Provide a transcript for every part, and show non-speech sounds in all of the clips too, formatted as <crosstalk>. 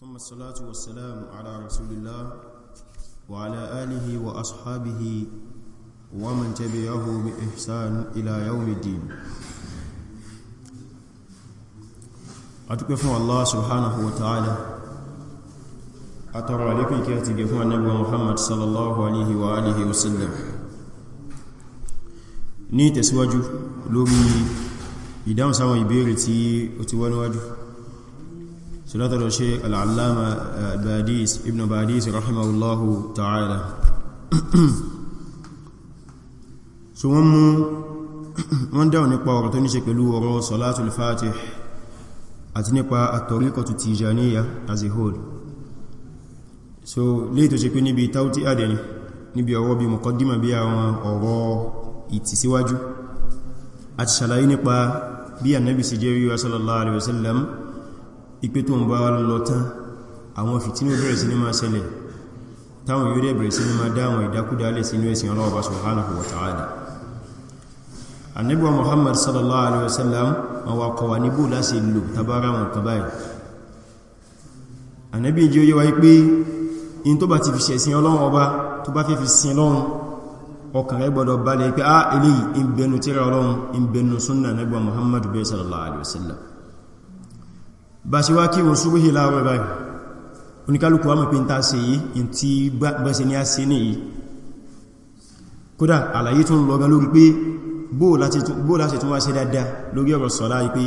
ثم الصلاة والسلام على رسول الله وعلى آله وأصحابه ومن تبعه بإحسان إلى يوم الدين أتكفى الله سبحانه وتعالى أترى لكم كي أتكفى النبي محمد صلى الله عليه وآله وسلم ní tẹ̀síwájú لومي sáwọn ìbéèrè tí ó ti o سلطة الشيخ العلامة باديس ابن باديس رحمه الله تعالى so wọ́n mú <clears throat> wọ́n dáwọn nípa ọ̀rọ̀ tó ní ṣe pẹ̀lú ọ̀rọ̀ Salatul Fatih àti nípa at-tariqatu Tijaniyya as a whole so lè tó ṣe pé níbi tauti adẹni níbi ọ̀rọ̀ bí muqaddima bí àwọn ọ̀rọ̀ ìtìsíwájú àti ṣàlàyé nípa bí annabi sí sallallahu alaihi wasallam ipé tó ń bá lọ tán àwọn fìtínú bẹ̀rẹ̀ sí ní máa ṣẹlẹ̀ táwọn yóò dẹ̀ bẹ̀rẹ̀ sí ní máa dáwọn ìdákúdálẹ̀ sínú ẹ̀sìn ọlọ́ọ̀bá muhammad sallallahu alaihi wasallam ma wa kọwa níbò láti lò tabara wọn kan báyìí annabi jẹ́ yíwa pé in tó bá ti fi ṣẹ̀sìn ọlọ́run ọba tó bá fẹ́ fi sin lọ́run ọkàn rẹ̀ gbọdọ̀ balẹ̀ pé a ah, eléyìí in tíra ọlọ́run in bẹnu sunna annabuwa muhammad sallallahu alaihi bá ṣe wá kí wọ́n súbúhì láàrọ̀ báyìí oníkálùkù wá mọ̀ pé ń ta ṣe yìí in ti bá ṣe ní a ṣe nìyí kódà àlàyé tún lọ́gán lórí pé bó láti tún wá ṣe dáadáa lórí ọ̀rọ̀ sọ̀lá pé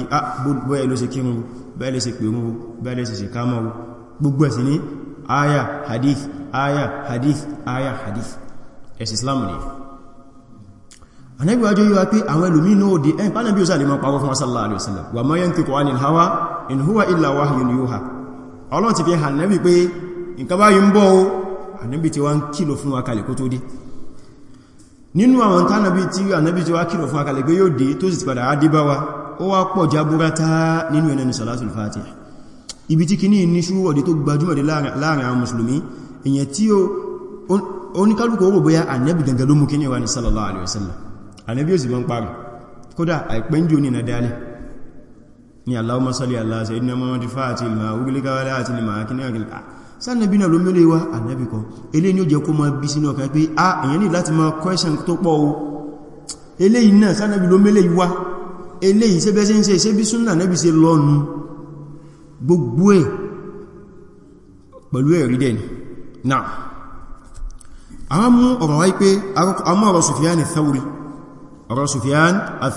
aya ah, hadith aya hadith aya hadith ẹ̀sì Islam ni anẹ́gbẹ̀wájú yíwa pé àwọn ẹlòmínú òdí ẹ̀ pánàbí ó sà lè mọ́ pàwọ́ fún in huwa illa wahyun yuha ọlọ́run ti fi hàn nẹ́bì pé nǹkan báyìí ń bọ̀ o ànẹ́bì ti wá ń kìlọ̀ fún wa kalẹ̀ kó tó dé nínú àwọn tánàbí tí ànẹ́bì ti wá kìlọ̀ fún wa pé yóò dé tó sì ti padà á ó wá pọ̀ jaburata nínú ẹnẹnu salatul fatih ibi tí kìíní ní ṣúwọ̀dé tó gbajúmọ̀ dé láàrin àwọn mùsùlùmí èyàn tí oníkálùkù owó bóyá ànẹ́bì gangan ló mú kí ní wa ní sallallahu alaihi wasallam ànẹ́bì ni Allahumma salli ala sayyidina Muhammad fati ilma ugilika wa láti lè máa kí ní àgìlá sáàdàbí náà ló mẹ́lẹ̀ wá ànábì kan eléyìí ni ó jẹ kó máa bí sínú ọkàn pé a èyàn ní láti máa question tó pọ̀ o eléyìí náà sáàdàbí ló mẹ́lẹ̀ wá eléyìí ṣe bẹ́ẹ̀ ṣe ń ṣe ṣe bí súnnà náà bí ṣe gbogbo ẹ̀ pẹ̀lú ẹ̀rí dẹ̀ ni náà àwọn mú ọ̀rọ̀ wáyé pé àwọn ọ̀rọ̀ Sufyan al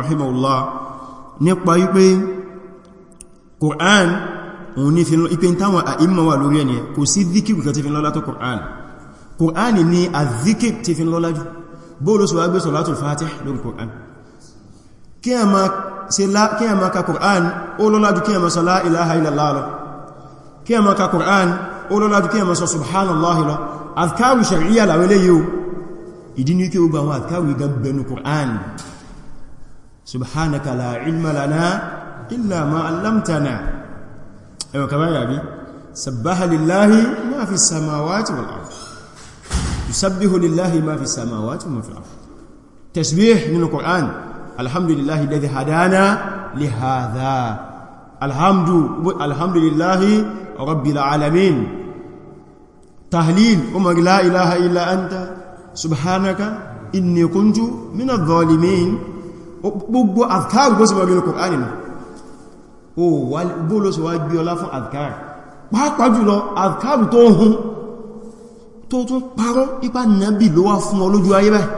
rahimahullah nípa wípé Qur'an òun ní fi lọ ipé táwọn àìmọ̀ wà lórí ẹni kò sí zikiru kan ti fi lọ́lá tó Qur'an Qur'an ni a zikir ti fi lọ́lá jù bóòlù sọ agbé sọ̀látù Fatih lórí Qur'an kí a máa ka Qur'an ó lọ́lá jù kí a máa sọ la ilaha illallah lọ kí a máa ka Qur'an ó lọ́lá jù kí a máa sọ سبحانك لا علم لنا إلا ما علمتنا أيوة كما يا أبي يعني، سبح لله ما في السماوات والأرض يسبح لله ما في السماوات وما في الأرض تسبيح من القرآن الحمد لله الذي هدانا لهذا الحمد الحمد لله رب العالمين تهليل أمر لا إله إلا أنت سبحانك إني كنت من الظالمين gbogbo adhkar bó sì mọ̀ nínú Kùránì nù o bó ló sì wá gbé ọlá fún adhkar pàápàá jùlọ adhkar tó hun tó tún parọ́ ipa nàbì ló wá fún olójú ayé báyìí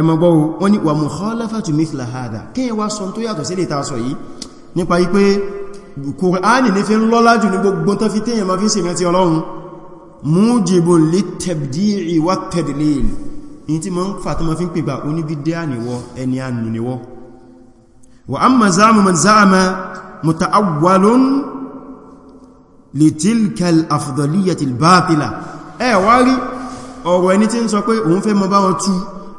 ẹmọ̀gbọ́ wọn ni wà mukhalafatu mithla hada kí yẹ wá sọ tó yàtọ̀ sí lè ta sọ yìí in tí ma ń fà tó ma fi ń pègbà oníbídíà níwọ ẹni ànù níwọ wa amma záàmù man záàmà muta'awwalun li tilka al-afdaliyyati al-batila ẹ wá rí ọ̀rọ̀ ẹni tí ń sọ pé òun fẹ́ mọ bá wọn tú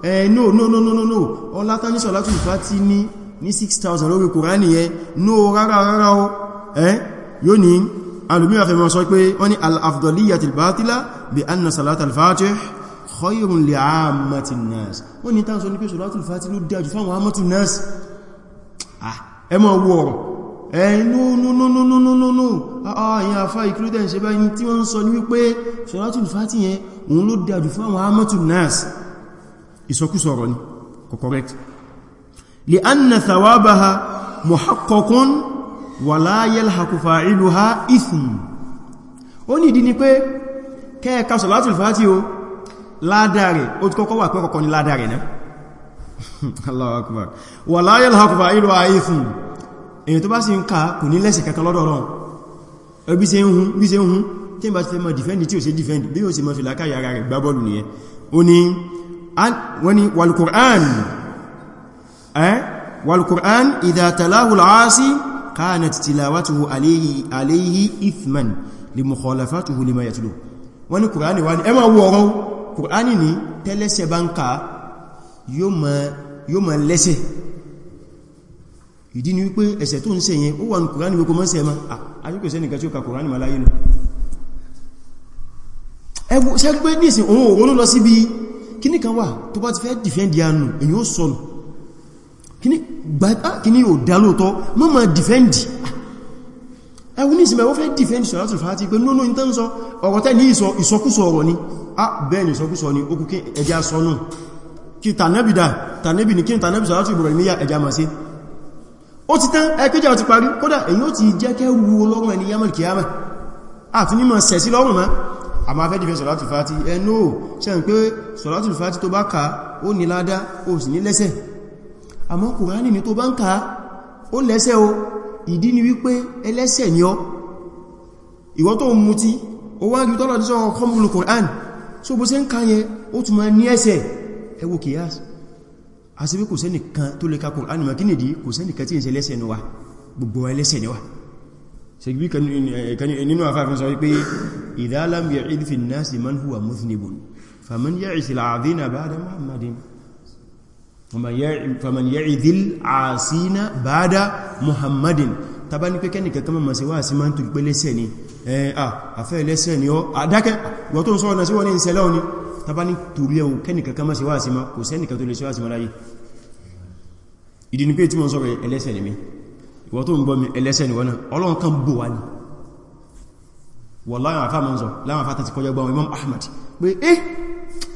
ẹ no no no no no ọlátá ní sọ̀látù ìfàtí ní ní 6,000 lórí kùránì ẹ no rárá rárá o ẹ yóò ní alùmíwà fẹ́ mọ́ sọ pé wọ́n ni al-afdaliyyati al-batila bi anna salat al-fatih khayrun li ammatin nas wọ́n ni tán sọ ní pé sọ́látùl fàtí ló dájú fáwọn ammatin nas ah ẹ mọ̀ wọ ọ̀rọ̀ ẹ no no no no no no no no ah, ah yẹn afá ìkúrúdẹ̀ ṣe bá yìí tí wọ́n sọ ní wípé sọ́látùl fàtí yẹn òun ló dájú fáwọn ammatin nas ìsọkúsọ ọ̀rọ̀ ni kò correct li anna thawabaha muhaqqaqun wa la yalhaqu fa'iluha ithm ó ní ìdí ni pé kẹ́ẹ̀ka sọ̀látùl fàtí o ládàá rẹ̀ ó ti kọ́kọ́ wà pẹ́ kọ̀kọ́ ní ládàá rẹ̀ náà <laughs> Allahu akbar wà láyé lákùnfà ìlú ayé fún èyàn tó bá sì ń ká kò ní lẹ́sẹ̀ kankan lọ́dọ̀ Ọlọ́run ẹbí se ń hun bí se ń hun tí bá ti fẹ́ mọ́ dìfẹ́ndì tí ó se dìfẹ́ndì wọ́n ni wal wá ní ẹ máa kùránì ní tẹ́lẹ́sẹ̀ bá ń ká yóò mọ̀ lẹ́sẹ̀ ìdí ni wípé ẹ̀ṣẹ̀ tó ń ṣe yẹn ó wà ní kùránì gbogbo mọ́sẹ̀ ma àríkò sẹ́nìkan tí ó ka kùránì ma láyé nù ẹgbù sẹ́gbẹ́ nísìn òun òun lọ sí bí kíní kan wà tó bá ti fẹ́ dìfẹ́ndì anù èyí ó sọ̀nù kíní ò dá lóòtọ́ mọ́ ma dìfẹ́ndì ẹgbù nísìn mẹ́ ó fẹ́ dìfẹ́ndì sọ̀rọ̀ Ah, bẹ́ẹ̀ni sọkúsọ ni ó kú kí ẹja sọnù kí tànẹ́bì dà tànẹ́bì ní kí n tànẹ́bì sọ́látù Ibrahimiyya ẹja ma sí ó ti tán ẹkẹjà ti parí kódà èyí ó ti jẹ́ kẹrù ọlọ́run ẹni yamal kiyama àti nímọ̀ sẹ̀sí lọ́rùn mọ́ a máa fẹ́ dìfẹ́ sọ̀látù fàtí ẹnú ṣe ń pé sọ̀látù fàtí tó bá ka ó ní ládá ni tó bá ń ka ó lẹ́sẹ̀ o ìdí ni wípé ẹlẹ́sẹ̀ ni so bó ṣe ń ká yẹn ó tún máa ní ẹsẹ̀ ẹwọ kìíyàs àti bí kò sẹ́nì kan tó lè ka Kùránì mọ̀ kí nìdí kò sẹ́nì kan tí ń ṣe lẹ́sẹ̀ ní wa gbogbo wa lẹ́sẹ̀ ní wa ṣe gbí nínú àfáàfin sọ wípé idha lam ya'id fi an-nasi man huwa mudhnibun faman ya'ish al Eh, ah, àfẹ́ ẹlẹ́sẹ̀ ni ọ àdákẹ́ wọ́n tó ń sọ ọ̀nà sí wọ́n ní ìṣẹ́lẹ̀ òní tàbá ní torí ẹ̀hùn kẹ́nìkan kan mọ́ sí wá sí mọ́ kò sẹ́nìkan tó lè síwá sí mọ́ láyé ìdí ni pé tí mo sọ̀rọ̀ ẹlẹ́sẹ̀ ni mi ìwọ tó ń gbọ́ mi ẹlẹ́sẹ̀ ni wọ́n náà ọlọ́run kan bò wá ní wọ́n láwọn àfá mọ́ sọ láwọn àfá tàti kọjá gbọ́n Imam Ahmad pé eh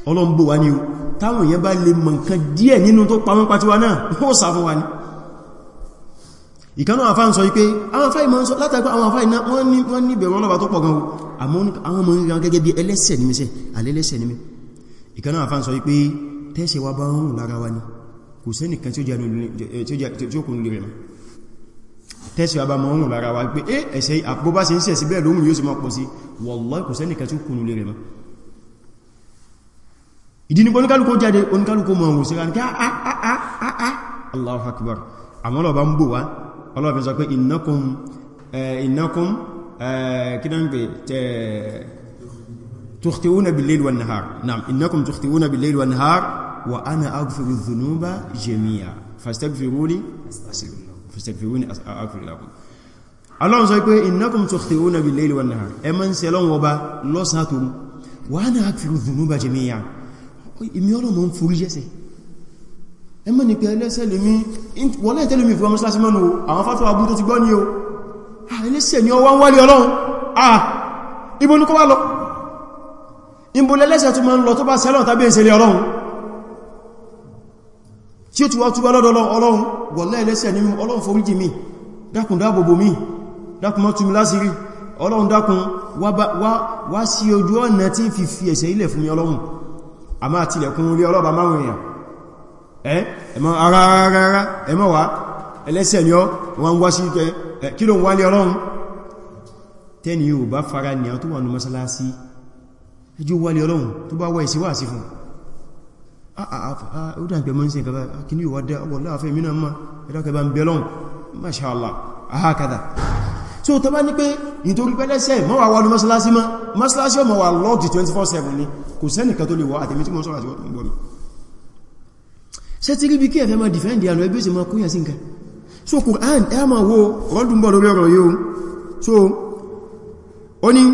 ọlọ́run o táwọn èèyàn bá lè mọ̀ nǹkan díẹ̀ nínú tó pamọ́ pàtíwá náà ó sá fún ní ìkanú àfá ń sọ wípé àwọn àfá ìmọ̀ ń sọ látàgbà àwọn àfá ìná wọ́n ní bẹ̀rọ ọlọ́bà tó pọ̀ gan àwọn ọmọ ìran gẹ́gẹ́ bí ẹlẹ́sẹ̀ ní mẹ́sẹ̀ alẹ́lẹ́sẹ̀ ní mẹ́ ìkanú àfá ń sọ wípé tẹ́ṣẹ̀ wa bá ń rùn lára wa ni kò sẹ́nìkan tí ó kùn lè rẹ̀ tẹ́ṣẹ̀ wa bá mọ́ rùn lára wa pé ẹ̀ṣẹ̀ àpóbá sí ń sẹ̀ sí bẹ́ẹ̀ lóhun yóò sì mọ́ pọ̀ sí wallahi kò sẹ́nìkan tí ó kùn lè rẹ̀ mọ́ ìdí ni oníkálùkó jáde oníkálùkó mọ̀ òun sí ra ní ká àà àà àà Allahu akbar àwọn ọlọ́ba ń bò wá ọlọ́run fi sọ pé innakum innakum kídánpé tukhti'una bil-layli wan-nahar na'am innakum tukhti'una bil-layli wan-nahar wa ana aghfiru dhunuba jami'a fastaghfiruni fastaghfiruni aghfir sọ pé innakum tukhti'una bil-layli wan-nahar ẹ wa ana aghfiru dhunuba jami'a ìmí ọlọ́run ẹmọ́ ni pé ẹlẹ́sẹ̀ lèmi wọ́n láì tẹ́lẹ̀mí fún ọmọsílásí mọ́nu àwọn fátọ́ abú tó ti gbọ́ ní o ẹlẹ́sẹ̀ ni ọwá ń wárí ọlọ́run àà ibo ní kó wá lọ ibo lẹ́lẹ́sẹ̀ tó máa ń lọ tó bá sẹ́lọ̀ tàbí ìṣẹ̀lẹ̀ ọlọ́run tí ó ti wá túbá lọ́dọ̀ ọlọ́run wọ̀lá ẹlẹ́sẹ̀ ni ọlọ́run forí jì mí dákun dáàbòbò ẹmọ ara ara ẹmọ wa ẹlẹ́sẹ̀ ni ọ wọ́n wá sí ikẹ́ kí ló ń wálé ọlọ́run tẹ́ni yóò bá fara ní àwọn tó wà ní mọ́sálásí ẹjọ́ wálé ọlọ́run tó bá wá ìsíwá sí fún ó dàn pẹ̀ mọ́ sí ìkàbá kí ní ìwádẹ́ ọgbọ̀láwọ́fẹ́ mìíràn máa ẹ̀dọ́kẹ́ bá ń bẹ lọ́run Masha Allah ahakada so tó bá ní pé nítorí pẹ́lẹ́sẹ̀ mọ́ wà wà ní mọ́sálásí mọ́ mọ́sálásí ọmọ 24/7 ni kò sẹ́nìkan tó lè wọ́ àtẹ̀mí tí mọ́ sọ́rọ̀ àti wọ́n tó ń gbọ́ mi ṣe ti rí bí kí ẹ̀fẹ́ máa dìfẹ́ndì àlọ́ ẹbí sì máa kúyàn sí nǹkan so Qur'an ẹ máa wo rọ́dúnbọ̀ lórí ọ̀rọ̀ yóò so ó ní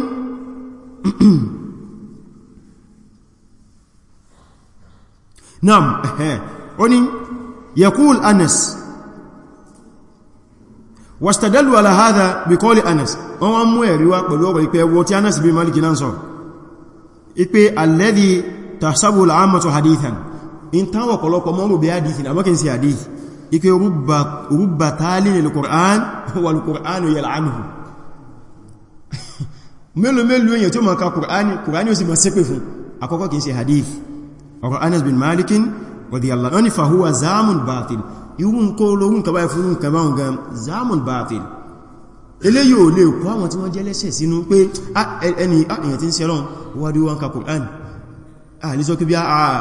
<clears throat> naam ó ní yakul Anas wastadalu ala hadha biqoli Anas wọ́n wọ́n mú ẹ̀rí wá pẹ̀lú ọ̀rọ̀ ìpẹ́ wọ́n tí Anas bí Malik náà sọ ìpé alladhi tahsabu al hadithan in táwọn ọ̀pọ̀lọpọ̀ mọ́rù bí hadith ní abọ́kín sí hadith ike rúgbà tààlì ní al-Qur'an <laughs> wal-Qur'an yal'anuhu <laughs> mélòó mélòó èyàn tí ó máa ka Qur'ani Qur'ani ó sì máa ṣépè fún àkọ́kọ́ kìí ṣe hadith ọ̀rọ̀ Anas bin Malikin radiyallahu anhu fahuwa zamun batil irú nǹkan olórun kaba ìfúrú nǹkan báhùn gan zamun batil eléyìí ò lè kó àwọn tí wọ́n jẹ́ lẹ́sẹ̀ sínú pé ah, ẹni ah, èyàn tí ń ṣẹlọ́n wádìí wọn ka Qur'an àlìsọ́kí bí a ah,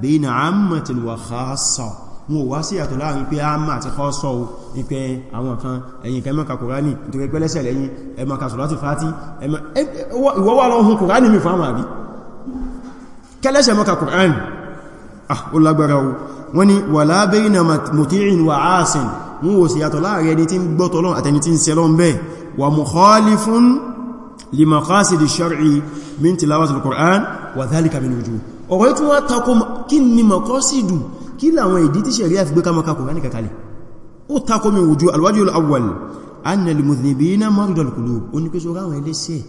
bayna ammatin wa khassa wọn wá sí àtọ̀ láàrin pé àmà àti kọ́sọ̀ o ìpẹ́ àwọn kan ẹ̀yìn kan mọ́ka kòránì nítorí pẹ́lẹ́sẹ̀ lẹ́yìn ẹmọ́ka sọ̀látù fàátì ìwọ́wà lọ hun kòránì mi fáwọn àrí kẹ́lẹ́sẹ̀ mọ́ka kòránì ah ó lágbára o wọ́n ni wala bayna muti'in wa 'asin wọn ò sí ọ̀rọ̀ tí wọ́n takọ kí ni mọ̀kọ́ sí dù kí láwọn ìdí tí ṣe rí àfi gbé kamaka Kùránì kakalẹ̀ ó takọ mi wùjú alwájú al'awwal annal mudhnibina maridol kulub ó ní pé ṣe ráwọn ẹlẹ́ṣẹ̀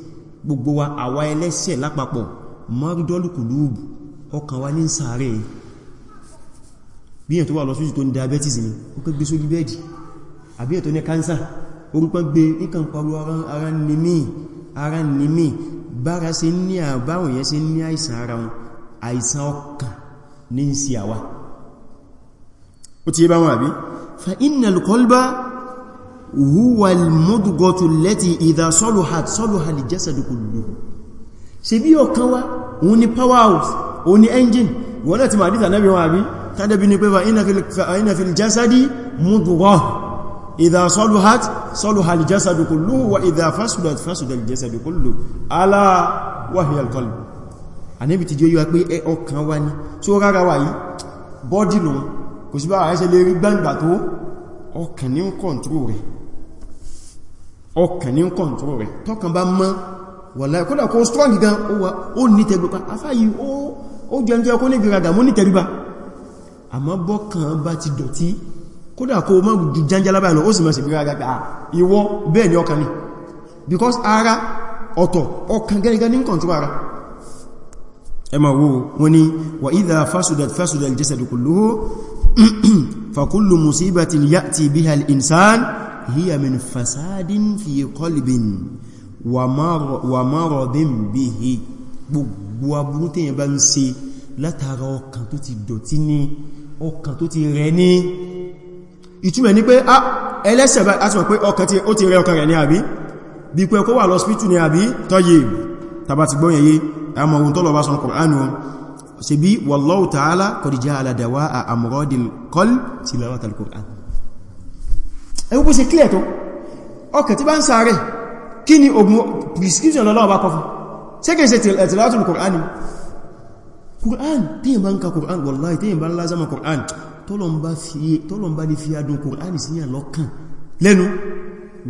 gbogbo wa àwa ẹlẹ́ṣẹ̀ lápapọ̀ maridol kulub ọkàn wa ní sàárẹ̀ bí ẹ̀ tó wà lọ sí tó ní diabetes ni ó pẹ́ gbé bára sí ní àbáwọn sí ní àìsàn ara wọn àìsàn ọkàn ní ń sí àwa ó ti yé bá wọn àbí fa inna al-qalba huwa al-mudghatu allati idha saluhat ṣe bí ọkàn wa òun ni powerhouse òun ni engine wọ́n láti máa dìtà náà wọn àbí tàbí ní pé fa inna fil jasadi mudghah idha saluhat salaha al-jasadu kulluhu wa idha fasadat fasada àníbi ti jẹ́ yíwa pé ẹ ọkàn wá ní tí ó rárá wà yìí bọ́dì lòun kò sí bá ara ẹsẹ lè rí gbangba tó ọkàn ní ń kọ̀ntúrò rẹ̀ ọkàn ní ń kọ̀ntúrò rẹ̀ tọ́kàn bá mọ́ wàlá kódà kó strong gan ó ní tẹgbẹ̀pá afáyí ó jẹ́ kó ní gbìràgà mú ní tẹríba àmọ́ bọ́kàn bá ti dọ̀tí kódà kó mọ́ jù jẹ́njálábà lọ ó sì mọ́ sí gbìràgà pé ìwọ bẹ́ẹ̀ ni ọkàn ni because ara ọ̀tọ̀ ọkàn gẹ́gẹ́ ní kọ̀ntúrò ara ẹmà wo wọ́n ni wà idha fasudat fasudat al-jasadu kulluhu fakullu musibatin ya'ti biha al-insan hiya min fasadin fi qalbin wa maradin bihi gbogbo aburú tí yẹn bá ń ṣe látara ọkàn tó ti dọ̀tí ní ọkàn tó ti rẹ ní ìtumẹ̀ ní pé ah, ẹlẹ́sẹ̀ bá a ti mọ̀ pé ọkàn tí ó ti rẹ ọkàn rẹ̀ ní àbí bí pé kó wà lọ ní àbí tọ́yẹ̀ tàbátìgbọ́yẹ̀yẹ́ àmọ́ ohun tọ́lọ̀ bá sọ Kùránù ṣe bí wallahu ta'ala qad ja'ala dawa'a amradil qalbi tilawatal Qur'an ẹwú bó ṣe clear tó ọkẹ̀ tí bá ń sáré kí ni ogun prescription lọ́lọ́wọ́ bá kọ fún ṣe kìí ṣe tilawatul Qur'an Qur'an tí yìnbá ń ka Qur'an wallahi tí yìnbá ń lázama Qur'an tọ́lọ̀ ń bá ní fi adùn Qur'an sí yàn lọ́kàn lẹ́nu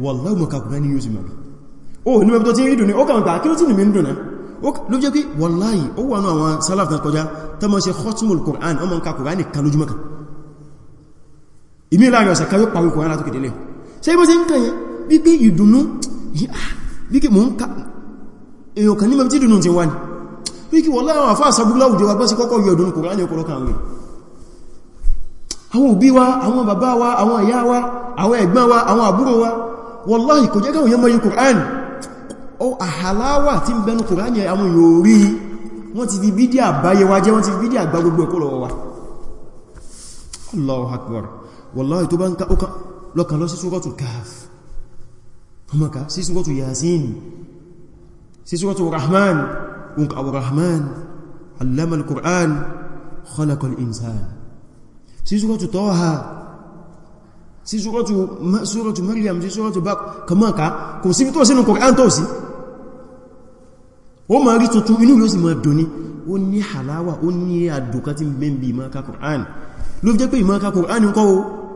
wallahi mọ̀ka Qur'an ni yóò sì mọ̀ ló jẹ́ pé wallahi ó wà náà àwọn salaf tán kọjá tó mọ́ ṣe khotmul Qur'an ọmọ nǹka Qur'an kan lójúmọ́ kan ìmí láàrin ọ̀sẹ̀ kan yóò parí Qur'an látòkè délẹ̀ ṣe bó ṣe ń kàn yẹn bí pé ìdùnnú ah, bí kí mò ń ka èèyàn kan ní mẹ́bí tí ìdùnnú ti wà ní bí kí wallahi àwọn àfáà sàbúgbà òjò ó àhàláwà tí ń bẹnu kùránì àwọn yóò rí wọ́n ti fi bídí àbáyé wa jẹ́ wọ́n ti fi bídí àgbà gbogbo ẹ̀kọ́ lọ́wọ́ wa Allahu Akbar wallahi tó bá ń ká ó lọ́kàn lọ sí súrọ́tù Kahf ọmọka sí súrọ́tù Yasin sí súrọ́tù Rahman òǹkà àwọn Rahman allama al bá kàmọ́ka kò sí tó sínú Qur'an tó sí ó ma rí tuntun inú ló sì ma dùn ní ó ní halawa ó ní àdùkà tí bẹ́ bí ìmọ́ká Kùrán ló fi jẹ́ pé ìmọ́ká Kùrán ń kọ́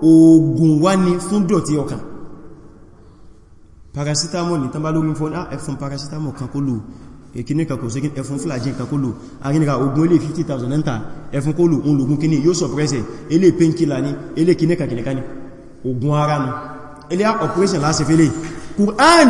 oògùn wá ní fún dọ̀tí ọkàn paracetamol ní tán bá lórí fún ah, ẹfún paracetamol kan kó lò èkíní kan kò sí ẹfún flagyl kan kó lò arínira ogun ilé 50,000 náà ẹfún kó lò ń lògún kíní yóò sọpẹ́sẹ̀ ilé painkila ní ilé kíní kàkìníkà ní ogun ara ní ilé operation láti fẹ́lẹ̀ Kùrán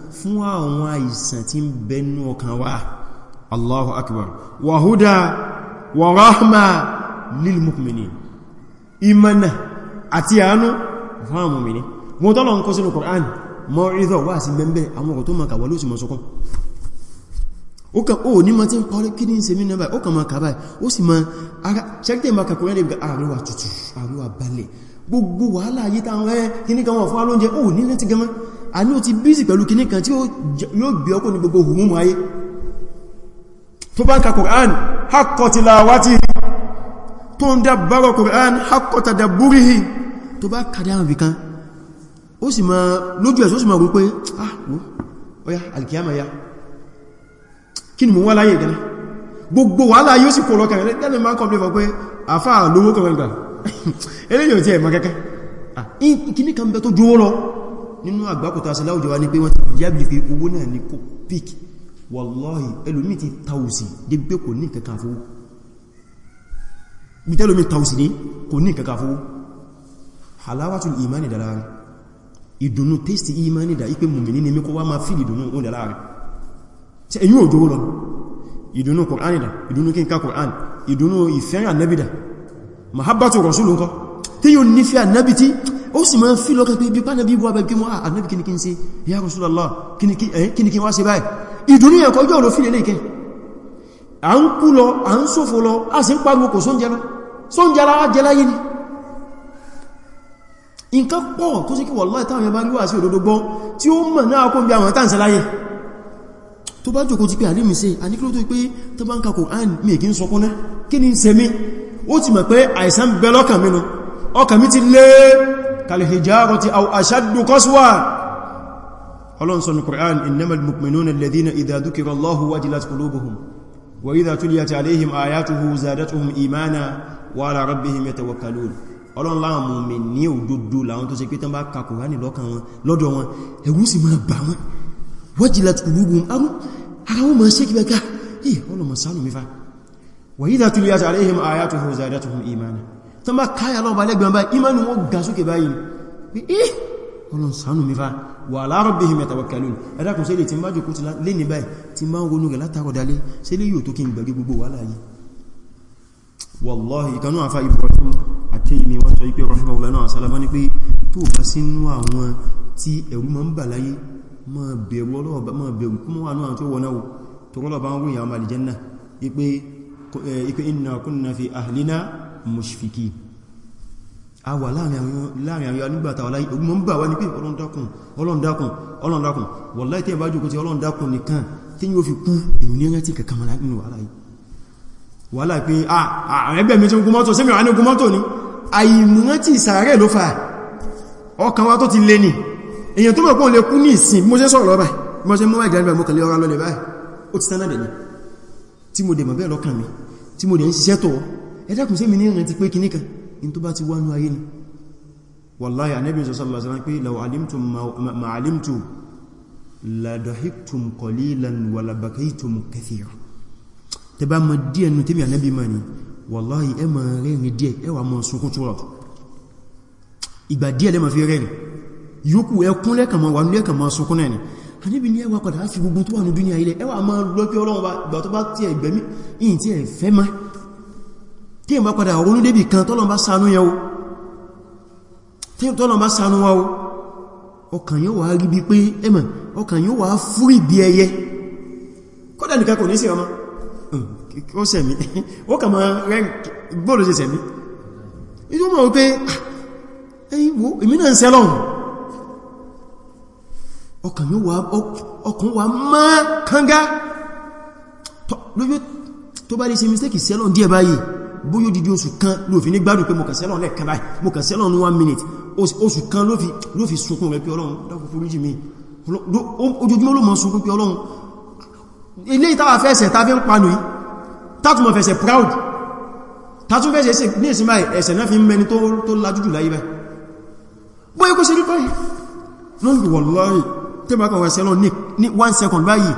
fún àwọn àìsàn tí ń bẹnú ọkàn wa Allahu akbar wa huda wa rahma lil mu'minin imana àti àánú fún àwọn mu'minin wọ́n tọ́lọ̀ ń kọ́ sínú Qur'an mọ́ ìdọ̀ wà sí bẹ́m̀bẹ̀ àwọn ọ̀rọ̀ tó mọ̀ kàwà ló sì mọ̀ sọ́kún ó kàn ó ní ma tí ń parí kí ní ṣe mí náà ó kàn ma kàbáyì ó sì ma a ní ó ti bízì pẹ̀lú kìní kan tí yóò gbé ọkùn ní gbogbo hùmúmù ayé tó bá ń ka Qur'an hakọ̀ tilawati tó ń dábárọ̀ Qur'an hakọ̀ tadabburihi tó bá kàdá àwọn ibìkan ó sì ma lójú ẹ̀sọ́ sì ma rú ah ọya alkiyama ya kí ni mo wá láyé ìdáná gbogbo wàhálà yóò sì kò lọ kẹrẹ lẹ́nu máa kọ́ pẹ́fọ́ pé àfáà lówó kọ̀rọ̀ <laughs> nínú àgbákòta sí láwùjọ wa ní pé wọ́n ti yábìlì pé owó náà ní kó pík wallahi ẹlòmí ti tàùsì dé pé kò ní kankan fowó bí tẹ́lòmí tàùsì dé kò ní kankan fowó halawatul imani da láàrin ìdùnnú tẹ́sì imani da ipé mùmìnì ní mẹ́kọ́ wá máa fi ìdùnnú ó da láàrin tí ẹ̀yìn nífẹ́ annabi tí ó sì máa ń fi lọ́kàn pé bí pánàbí ibú abẹ́ kíwọ́n ànábì kí ni kí n ṣe ya Rasulullah kí ni kí eh, wá ṣe báyìí ìdúnú ẹ̀kọ́ ọjọ́ òlòfin lè kẹ́ à ń kú lọ à ń sófo lọ a sì ń pariwo kò sóúnjẹ lọ sóúnjẹ ara jẹ láyé ni nǹkan pọ̀ tó sí kí wallahi táwọn ẹbá ríwà sí òdodo gbọ́ tí ó mọ̀ náà kó ń bí àwọn tàǹsẹ̀ láyé tó bá jòkó ti pé àlímì sí àníkílò tó pé tó bá ń ka Kùránì mi kí ń sọ kúnná kí ni ń ṣe mi ti lé كالحجارة أو أشد قسوة Ọlọ́run sọ ní Kùrán, innamal mu'minuna alladhina idha dhukira Allahu wajilat qulubuhum wa idha tuliyat alayhim ayatuhu zadatuhum imana wa ala rabbihim yatawakkalun. Ọlọ́run láwọn mùmínì òdodo láwọn tó ṣe pé tán bá ka Kùránì lọ́kàn wọn lọ́dọ̀ wọn, ẹ̀rù sì máa bà wọ́n. Wajilat qulubuhum arú, ara tán bá káyà lọ́wọ́ bá lẹ́gbẹ̀ẹ́ báyìí imanu wọn ga sókè báyìí pé eh ọlọ́n ṣàánú mi fa wa ala rabbihim yatawakkalun ẹ̀dàkùn sí ilé tí ń bá jòkó ti lé ní báyìí tí máa ń ronú rẹ̀ látàrọ̀ dalé sí ilé yóò tó kí n gbẹ̀rí gbogbo wà láyé wallahi ìkanú àfá Ibrahim àtẹ́yìmí wọ́n sọ ipé rahim ọ̀lẹ́nà àsálàmọ́ ní pé tó bá sínú àwọn tí inna kunna fi ahlina mushfiki a wà láàrin àwọn alúgbàtà wà láyé ogun mọ́ ń bà wá ní pé ọlọ́ndakùn ọlọ́ndakùn ọlọ́ndakùn wallahi tí ẹ bá jókòó tí ọlọ́ndakùn nìkan tí yíò fi kú èyàn ní ẹ̀rẹ́ tí kàkà mọ́ nínú wà láyé wà láì pé ààrẹ́bẹ̀ mi tí ogun mọ́tò sẹ́mì àwọn ogun mọ́tò ní àìmúrántí ìsàárẹ̀ ló fà ọkàn wa tó ti lé ní èyàn tó mọ̀ pọ́n lè kú ní ìsìn mo ṣe sọ̀rọ̀ báyìí mo ṣe mọ́wàá ìgbàlẹ̀ mọ́ kàlẹ̀ ọ̀rọ̀ mo dẹ̀ mọ̀ bẹ́ẹ̀ lọ́kàn mi tí mo dẹ̀ ń ṣiṣẹ́ tọ́ ẹjẹ́kùn sí mi ní ìrántí pé kìníkà in tó bá ti wánú ayé ni wallahi anẹ́bí sallallahu alaihi wasallam pé law alimtum ma alimtu la dahiktum qalilan wa la bakaytum kathira tẹ bá mọ díẹ̀ nù tí mi anẹ́bí ma ni wallahi ẹ ma rẹ̀rin díẹ̀ ẹ wà mọ sunkún tó rọ̀ ìgbà díẹ̀ lẹ ma fi rẹ̀rin yókù ẹkún lẹ́kàn mọ wà nílẹ́kàn mọ sunkún tí ìmọ̀ padà ronú débì kan tọ́lọ̀ bá ṣàánú yẹn o tí tọ́lọ̀ bá ṣàánú wa o ọkàn yóò wá rí bí pé ẹmọ̀ ọkàn yóò wá fúrì bí ẹyẹ kódà nìkan kò ní sí ọmọ ó sẹ̀mí ó kà máa rẹ̀ bóòlù sí sẹ̀mí inú mọ̀ wípé ah, èmi náà ń sẹ́ lọ́hùn ọkàn yóò wá ọkàn wá máa kánga tó bá lè ṣe mistake sẹ́lọ̀ díẹ̀ báyìí bóyó dìdí oṣù kan ló fi ní gbádùn pé mo kàn sẹ́lọ̀ lẹ́ẹ̀kan báyìí mo kàn sẹ́lọ̀ ní one minute oṣù kan ló fi sunkún rẹ̀ pé ọlọ́run dákun foríjì mi ojoojúmọ́ ló mọ́ sunkún pé ọlọ́run ilé ìtawà fẹ́ẹ̀sẹ̀ ta fi ń panu yìí tátùmọ̀ fẹ́ẹ̀sẹ̀ proud tátùn fẹ́ẹ̀sẹ̀ ní ìsinmá ẹ̀sẹ̀ náà fi ń mẹni tó lájújù láyé bẹ́ bó yẹ kó ṣe nípa yìí lórí wọ̀lọ́rì tí ma kọ̀wẹ̀ sẹ́lọ ní one second báyìí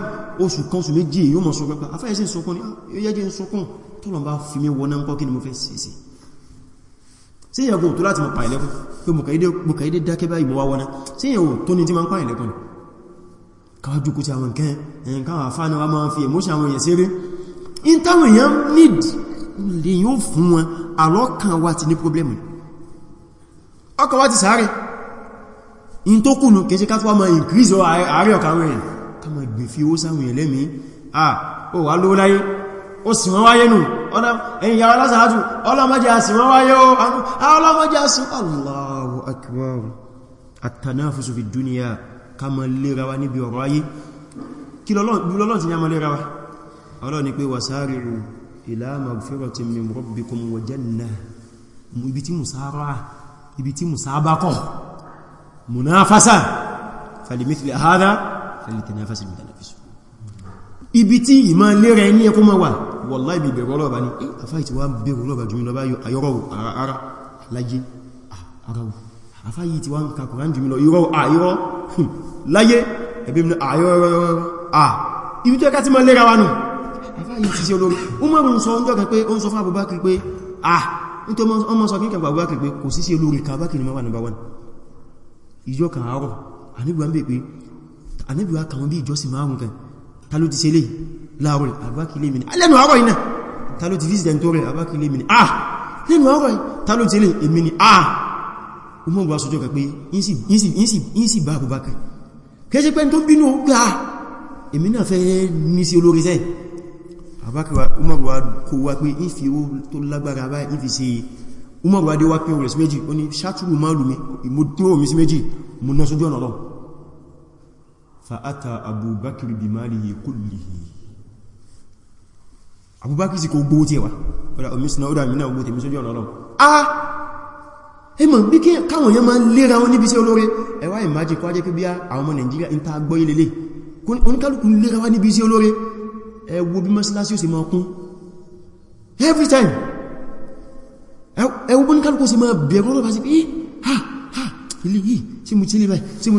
oṣù kan oṣù méjì yóò mọ̀ sunkún tọ́lọ̀n bá fi mí wọ́n náà kọ́ kí ni mo fẹ́ sèsì sí ìyàgò tó láti mọ̀ pàìlẹ́kùn pé mo kàídé dákẹ́ báyìí mọ́ wá wọ́ná sí ìyàwó tó ní tí ma ń pàìlẹ́kùn ni káwàjú kú ti àwọn nǹkan ẹ̀yìn káwà fánà wá máa fi èmóṣà àwọn èèyàn séré in táwọn èèyàn need lè yóò fún wọn àlọ́kàn wá ti ní pọ́blẹ́mù ọkàn wá ti sáré in tó kùnù kẹsí ká tó wá máa increase ààrẹ ọkàn àwọn èèyàn ká máa gbìn fi owó sáwọn èèyàn ah ó wà lówó láyé ó sì wọ́n wáyé nù ọ̀nà ẹ̀yìn yàrá lásàájú ọlọ́mọdé a sì wọ́n wáyé ó ọlọ́mọdé a sì Allahu akbar at-tanafusu fi dunya ká mọ́ lera wa níbi ọ̀rọ̀ ayé kí lọ́lọ́ ti ní a mọ́ lera wa ọlọ́ni pé wasari'u ila magfiratin ibi tí ìmọ̀ lera ẹni ẹkún wà wallahi bí bẹ̀rọ lọ́ba ní eh, àfáì tí wá bẹ̀rọ lọ́ba jùmí lọ́ba ayọ́rọ̀ ara láyé àfáì tí wá ń ka Kùránì jùmí lọ irọ́ ayọ́ láyé ẹ̀bí mi ayọ́rọ̀ ibi tó ẹka tí ma lẹ́ra wa nù àfáì ti sí olórin Umaru ń sọ ọjọ́ kan pé ó ń sọ fún Abubakar pé ah nítorí ọmọ sọ kíkà Abubakar pé kò sí sí olórin ka bá kìí mọ́wà number one ìjọ kan àárọ̀ àníbíwá ń bè pé àníbíwá kàwọn bí ìjọsìn márùn-ún kan ta ló ti ṣe lè láàrùn àbákilé mi ní alẹ́nu ah, àárọ̀ iná ta ló ti fi ṣẹ̀ntó rẹ̀ àbákilé mi ní ah lẹ́nu àárọ̀ ta ló ti lè èmi ní ah umar bá sọjọ́ pé ìsì bá àbúbákà kẹ́ẹ́sẹ́ pẹ́ tó bínú gbá ah, èmi náà fẹ́ ní sí olórí sẹ́ àbákà umar wá kó wá pé ìfi ó tó lágbára bá ìfi ṣe umar wá dé wá pín ọ̀rẹ̀ sí méjì ó ní ṣátúrù máa lùmí ìmúdúnrò mi sí méjì mú fa'ata abubakir bi malihi kullihi abubakir sì kó gbówó tí ẹwà omisina ọ̀dá àmìnà ogbó tèmi sójú ọ̀nà ọlọ́run ah ẹmọ̀ bí kí káwọn yẹn lera wọn níbi sí olóre ẹwà ìmájì kọ́ ajẹ́ kí bí àwọn ọmọ ta gbọ́ ilele oníkálùkù lera wọn níbi sí olóre ẹ wo bí mọ́sílásí every time ẹ wo bí oníkálùkù sì máa bẹ̀rù ọlọ́pàá sí ha ha ilé yìí sí mo sílé báyìí sí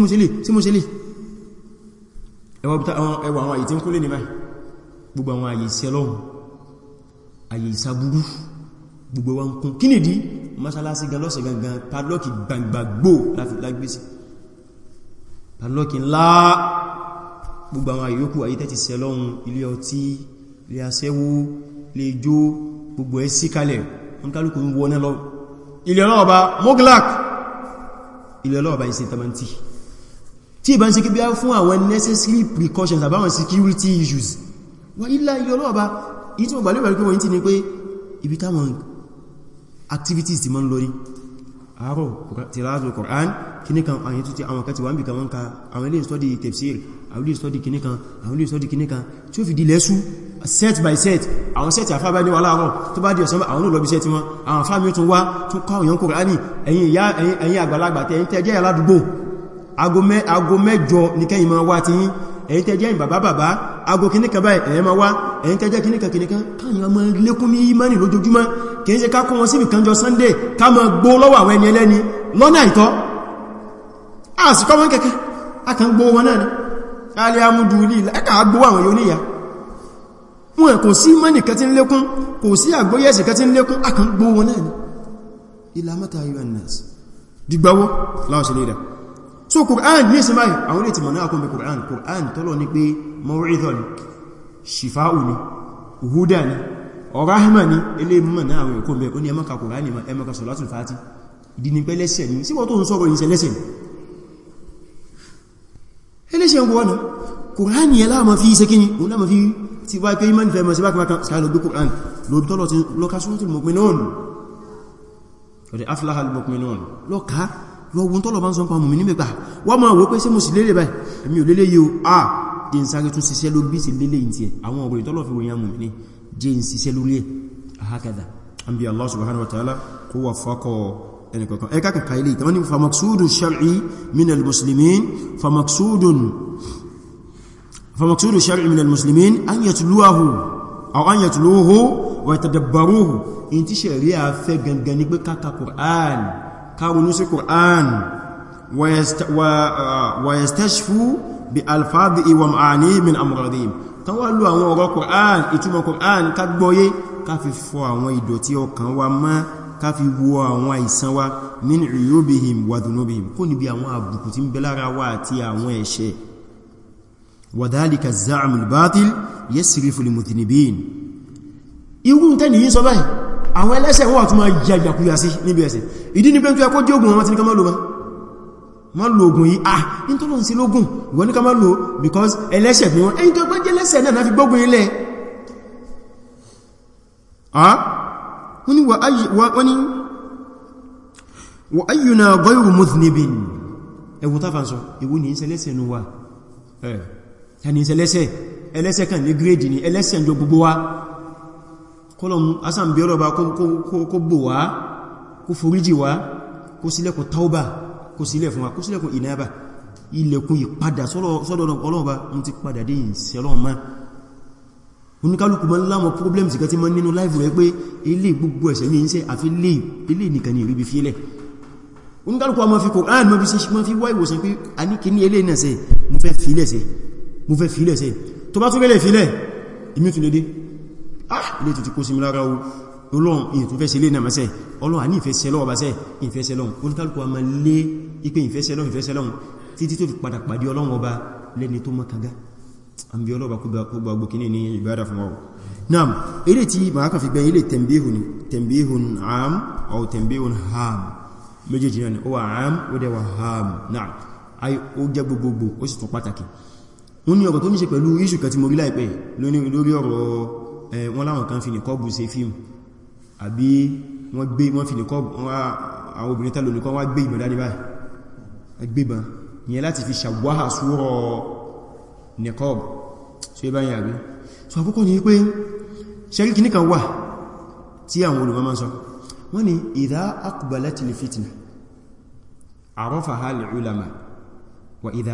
mo sílé sí mo ẹwà àwọn àyè tí ń kúnlé ní báyìí gbogbo àwọn àyè iṣẹ́ lọ́wọ́ àyè ìsàbúrú gbogbo wa ń kún kí nìdí mọ́sálásí gan lọ́sẹ̀ gangan padlọ́kì gbàgbàgbò lágbésí padlọ́kì ńlá gbogbo àwọn àyè yòókù àyè tẹ́tì sẹ lọ́wọ́ ilé ọtí ilé aṣẹ́wó ilé ijó gbogbo ẹ sí kalẹ̀ wọn kálùkù lọ ilé ọlọ́ọ̀bá moglak ilé ọlọ́ọ̀bá ìsìn tamanti tí ìbá ń ṣe kí bí á fún àwọn necessary precautions àbáwọn security issues wà ilá ilé ọlọ́ọ̀bá yìí tí wọ́n gbà lórí pé wọ́n ti ní pé ibi táwọn activities ti mọ́ ń lórí àárọ̀ tìláàzù Qur'an kìníkan àyìn tó ti àwọn kàtí wà ń bí kàwọn ka àwọn ilé ìsọ́dì tefsir àwọn ilé ìsọ́dì kìníkan àwọn tí ó fi di lẹ́sù set by set àwọn set àfá bá ní wà láàárọ̀ tó bá di ọ̀sán àwọn olóbi set wọn àwọn àfá mi tún wá tún káwọn yàn Qur'ani ẹ̀yin ìyá ẹ̀yin àgbàlagbà tẹ́yìn tẹ́jẹ́ aládùgbò ago mẹ́jọ ní kẹ́yìn máa wá ti yín ẹ̀yin tẹ́ jẹ́ bàbá ago kìníkan báyìí ẹ̀yin máa wá ẹ̀yin tẹ́ jẹ́ kìníkan kìníkan káyìn ọmọ lékún ní imani lójoojúmọ́ kìí ṣe ká kún wọn síbì kanjọ Sunday ká máa gbó lọ́wọ́ àwọn ẹni ẹlẹ́ni lọ́nà ìtọ́ àsìkọ́ wọn kẹ́kẹ́ a kàn gbó wọn náà alẹ́ amúdú ilé ẹ̀kà gbó àwọn yóò níyà wọn kò sí imani kẹtí ń lékún kò sí àgbóyẹ̀sì kẹtí ń so Qur'an ní ìsinmi àwọn ilé ti mọ̀ náà kún bí Qur'an Qur'an tọ́lọ ní pé maw'idhan shifa'u ni huda ni ọ̀ráhìmà ni ilé mọ̀ náà àwọn ìkún bí ó ní ẹmọ́ka Qur'an ni ẹmọ́ka salatul fati ìdí ni pé lẹ́sẹ̀ ni síwọ́ tó ń sọ́rọ̀ ìṣẹ́ lẹ́sẹ̀ ẹlẹ́sẹ̀ ń wọ́nà Qur'an yẹ láàmà fi lọ́wọ́n tọ́lọ̀ bá ń sọ pa mùmí nígbà wọ́n máa wò pé sí mùsì lélẹ̀ báyìí èmi ò lélẹ̀ yíò à jẹ́ ń sáré tún ṣiṣẹ́ lórí bí sí lélẹ̀ ìntì ẹ̀ àwọn ọgbẹ̀rẹ̀ tọ́lọ̀ fi wòyàn mùmí ní jẹ́ ń ṣiṣẹ́ lórí ẹ̀ àhákàdà an bí Allah subhanahu wa ta'ala kó wà fakọ ẹni kọ̀kan ẹ kákan ka ilé ìtàwọn ni fa maksudu káronú sí Qur'an uh, wa yastashfu bi alfadhi wa ma'ani min amradihim kan wá lò àwọn ọ̀rọ̀ Qur'an ìtumọ̀ Qur'an ká gbọ́yé ká fi fọ àwọn ìdọ̀tí ọkàn wa mọ́ ká fi wo àwọn àìsàn wa min uyubihim wa dhunubihim kó níbi àwọn àbùkù tí ń bẹ lára wa àti àwọn ẹ̀ṣẹ̀ وذلك الزعم الباطل يسرف للمذنبين يقول تاني يسوى بáyìí àwọn ẹlẹ́ṣẹ̀ wọ́n àtúnmà yà ìyàkúyà sí níbi ẹ̀sìn ìdí ní pé tó ẹkọ́ jí ogun àwọn tí ní ká má lò má lò ogun yìí ah in tó lọ́n sí lógún ìwọ́n ní ká má lò because ẹlẹ́ṣẹ̀ bí wọ́n ẹni tó pẹ́ jẹ́ lẹ́ṣẹ̀ náà fi gbógun ilẹ̀ ah wọ́n ni wà ayyuna ghayru mudhnibin ẹwù tàfà sọ ìwú ní ìṣẹ́lẹ́ṣẹ̀ ní wà eh, ẹni ìṣẹ́lẹ́ṣẹ̀ ẹlẹ́ṣẹ̀ kan ní gírèdì ní ẹlẹ́ṣẹ̀ jọ gbogbo kọ́lọ̀m asàmbí ọlọ́ba kó bò wá kó foríjì wá kó sílẹ̀kùn taubá kó sílẹ̀ fún wa kó sílẹ̀kùn ìnába ilẹ̀kùn ìpadà sọ́dọ̀ ọlọ́ba mú ti padà dé ìsẹ́lọ́mà oníkálùkù ma ń problems ìkẹ́ tí ma nínú láìfù rẹ̀ pé ilé gbogbo ẹ̀ṣẹ̀ ní iṣẹ́ àfi ilé nìkan ní ìrìbí fílẹ̀ oníkálùkù ma fi Kùránì ma fi ṣe ma fi wá ìwòsàn pé a ní kí ní ilé náà sẹ mo fẹ́ fílẹ̀ sẹ tó bá tún gẹ́lẹ̀ fílẹ̀ ìmú tún lédé ah ilé ti ti kó sí mi lára o olóhun ìyìn tó fẹ́sẹ̀ lé náà mẹ́sẹ̀ ọlọ́wà ní ìfẹ́sẹ̀ lọ́wọ́ bá sẹ́ ìfẹ́sẹ̀ lọ́wọ́ oníkálùkù a máa lé ipé ìfẹ́sẹ̀ lọ́wọ́ ìfẹ́sẹ̀ lọ́wọ́ títí tó fi padà pàdé ọlọ́wọ́ bá lẹ́ni tó mọ́ ham méjèèjì náà am ó ham naam ai ó jẹ́ gbogbogbò ó sì tún pàtàkì wọ́n ní ọ̀rọ̀ tó ní Eh, wọ́n láwọn kan fi nìkọ́bù ṣe fíìmù àbí wọ́n gbé wọ́n fi nìkọ́bù àwọn obìnrin tẹ́lò nìkan wá gbé ìbọn dání báyìí gbébọn ìyẹn láti fi ṣàwáhà súrọ̀ nìkọ́bù so ibá yà rí so àkókò ní pé ṣẹ́rí kì níkan wà tí àwọn olùmọ́ máa sọ wọ́n ni idha aqbalatil fitna arafaha al-ulama bá ti ń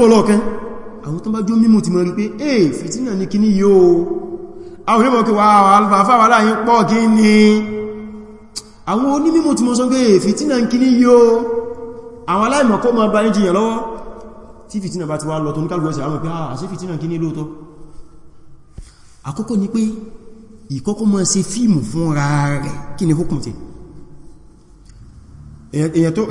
bọ́ lọ́ọ̀kan àwọn tó bá jó mímú ti mọ̀ rí pé eh fìtínà ní kíní yóò àwọn onímọ̀ kí wà alfàfà wà láyín pọ̀ kí ní àwọn onímọ̀ tí mọ̀ sọ pé fìtínà ní kíní yóò àwọn aláìmọ̀ kó mọ̀ bá ní jiyàn lọ́wọ́ tí fìtínà bá ti wá lọ tó ní kálùwẹ́sì àwọn pé àà ah, sí fìtínà kíní lóòtọ́ àkọ́kọ́ ni pé ìkọ́kọ́ mọ́ ṣe fíìmù fún ra rẹ̀ kí ni hukumti èyàn tó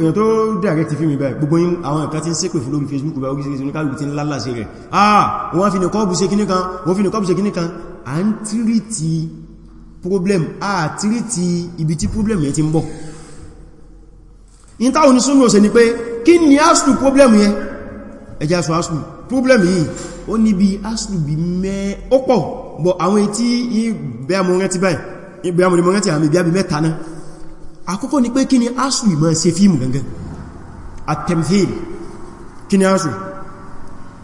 direct fi mi báyìí gbogbo yín àwọn nǹkan tí ń ṣépè fún lórí Facebook bá orísìírísìí ní kálùkù tí ń lálà sí rẹ̀ ah wọ́n fi ní kọ́ọ̀bù ṣe kíní kan wọ́n fi ní kọ́ọ̀bù ṣe kíní kan a ń tírìtì problem a tírìtì ibi tí problem yẹn ti ń bọ̀ in táwọn onísúnmọ̀ ṣe ni pé kí ni aslu problem yẹn ẹjá sọ aslu problem yìí ó ní bí aslu bí mẹ́ ó pọ̀ bọ̀ àwọn etí ìbẹ́ amọ̀rẹ́tì báyìí ìbẹ́ amọ̀rẹ́tì àmì ìbẹ́ mẹ́ta náà àkọ́kọ́ ni pé kí ni asù ìmọ̀ ṣe fíìmù gangan at-tamthil kí ni asù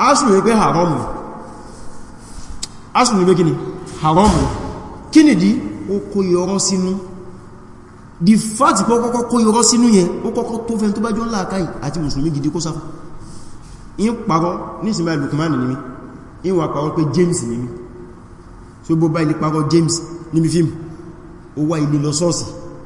asù ni pé haramu asù ni pé kí ni haramu kí ni dí ó kó yọrọ sínú di fàtí pọ́ kọ́kọ́ kó yọrọ sínú yẹn ó kọ́kọ́ tó fẹ́ tó bá jọ láàkáì àti mùsùlùmí gidi kó sáfà in parọ́ ní ìsinmi alùkùnmánì mi in wà parọ́ James ni mi so bó bá James níbi fíìmù ó wá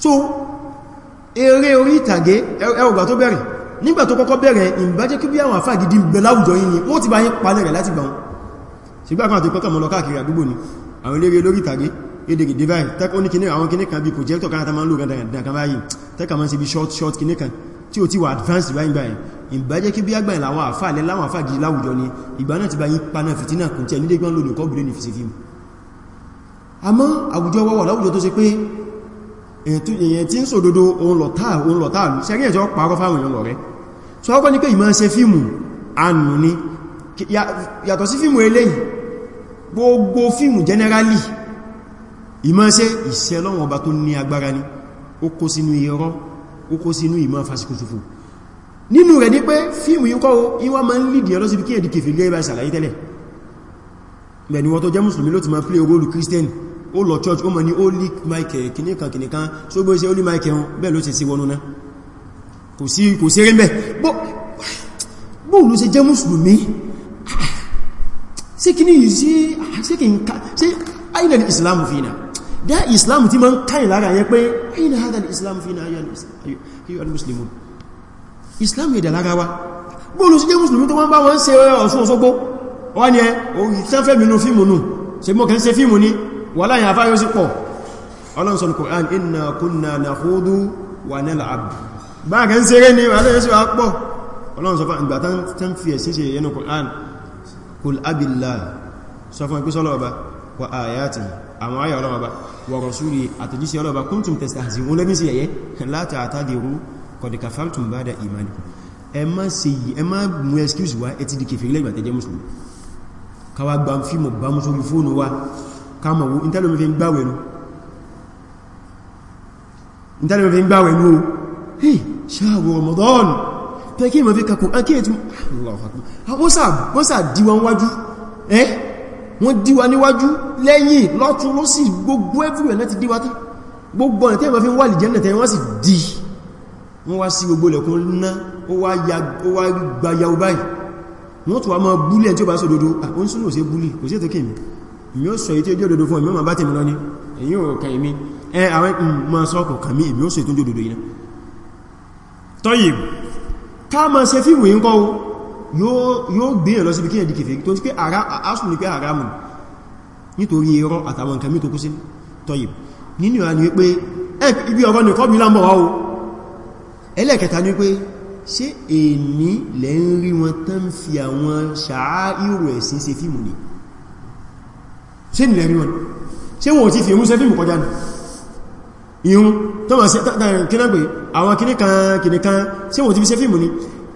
so eré orí ìtàgé ẹwọ̀gbà tó bẹ̀rẹ̀ nígbà tó kọ́kọ́ bẹ̀rẹ̀ ìbájẹ́ kí bí àwọn àfáà gidi gbẹ̀ láwùjọ yìí ni wọ́n ti bá yín palẹ̀ rẹ̀ láti gbà wọn ṣùgbọ́n kan àti kọ́kọ́ mọ́ lọ káàkiri àdúgbò ni divine tẹ́kọ́ ní kìnnì àwọn kìnnì kan bí projector kan àtàmà ń lò gandà kan báyìí tẹ́kà mọ́ short short kìnnì kan tí ó ti wà advanced báyìí báyìí ìbájẹ́ kí bí àgbà ìlàwọn àfáà lẹ́ láwọn àfáà gidi láwùjọ ni ìgbà náà ti bá yín paná fìtínà kùn tí ẹni dégbọ́n lónìí kọ́ bìlẹ̀ ní fìsífìm àmọ́ àwùjọ wọ́wọ́ láwùjọ tó ṣe pé èyàn tí ń sòdodo ohun lọ̀táà ohun lọ̀táà lù sẹ́rí ẹ̀jọ́ pàárọ̀ fáwọn èèyàn lọ rẹ̀ so ọkọ́ ní pé ìmọ̀ ṣe fíìmù ànù ní yàtọ̀ sí fíìmù eléyìí gbogbo fíìmù generally ìmọ̀ ṣe iṣẹ́ lọ́wọ́ ọba tó ní agbára ni ó kó sínú irọ́ ó kó sínú ìmọ̀ fásikúsùfù nínú rẹ̀ ní pé fíìmù yín kọ́ ìwà máa ń lìdí ọlọ́sí bí kí èdè kèfì lé ibà ìsàlàyé tẹ́lẹ̀ bẹ̀ni wọ́n tó jẹ́ mùsùlùmí ló ti ó lọ church ó mọ̀ ní holy michael kìníkan kìníkan so gbé ṣe holy michael wọn bẹ́ẹ̀ ló ṣe sí wọnú náà kò sí kò sí rí mẹ́ bóòlù ṣe jẹ́ mùsùlùmí sí kí ní sí ayinal islam fina dá islam tí ma ń káyìn lára yẹ pé ayinal hadal islam fina ayyuhal muslimun islam yẹ̀dà lára wa bóòlù ṣe jẹ́ mùsùlùmí tó wọ́n bá wọ́n ṣe ọ̀ṣun ọ̀ṣọ́gbó wọ́n ni ẹ̀ òyìn tán fẹ́ mínú fíìmù nù ṣe mọ́ kẹ́ ń ṣe fíìmù ní wà láyìn àfáyọ́ sí pọ̀ ọlọ́nsọ̀ ní Qur'an inna kunna nakhudu wa nal'ab báàkẹ́ ń seré ní aláyọ́ sí pọ̀ ọlọ́nsọ̀ fún ìgbà tán fi ẹ̀sí ṣe yẹnu Qur'an kul abillah sọ fún ìpísọ́ lọ́ọ̀bá wa ayati àwọn ayà ọlọ́ọ̀bá wa rasuli àtòjíṣẹ́ ọlọ́ọ̀bá kuntum tastahzi'un lẹ́bí sí ẹ̀yẹ la ta'tadiru qad kafartum ba'da imanikum ẹ má ṣe yìí ẹ mú excuse wá ẹ ti di kèfèrí lẹ́gbàtẹ́jẹ́ mùsùlùmí káwà fíìmù bá mú fóònù wá kàmọ̀wó ìtẹ́lómi fi ń gbáwẹ̀ ní o hey ṣáàwọ̀ Ramadan tẹ́ kí ìmọ̀ fi kàkù akéètù ah, wọ́n sà díwa níwájú ẹ́ wọ́n díwa níwájú lẹ́yìn lọ́tún ló sì gbogbo everywhere láti díwa tán gbogbo ọ̀nà tẹ́ẹ̀mọ́ fi ń wà lì jẹ́nà tẹ́ẹ̀ wọ́n sì dì wọ́n wá sí gbogbo lẹ̀kún ná ó wá gbayau báyìí wọ́n tún wá máa búlẹ̀ tí ó bá sódodo àwọn ah, súnú sí búlẹ̀ kò sí ètò kèmì mi ó sọ èyí tí ó jòdòdó fún ìmọ́ bá tèmi lọ ní èyí ò kẹ ìmí ẹ àwọn ìmọ̀ sọ́kọ̀ kàmí ìmí ó sọ ètò jòdòdó yìí tọ́yì ká ma ṣe fíwò yí ń kọ́ yóò gbé ẹ̀ lọ sí bíkí ẹ̀dì kìfẹ́ tó pé asùn ní pé àrámù nítorí ni wípé ibi ọ̀rọ̀ nìkọ́ bí lámọ̀ ni ṣe nílẹ̀ rí wọn ṣe wọ́n ti fi irúnṣẹ́ fíìmù kọjá nù ihun tó ma ṣe kínágbé àwọn kíníkan kíníkan ṣe wọ́n ti fi ṣe fíìmù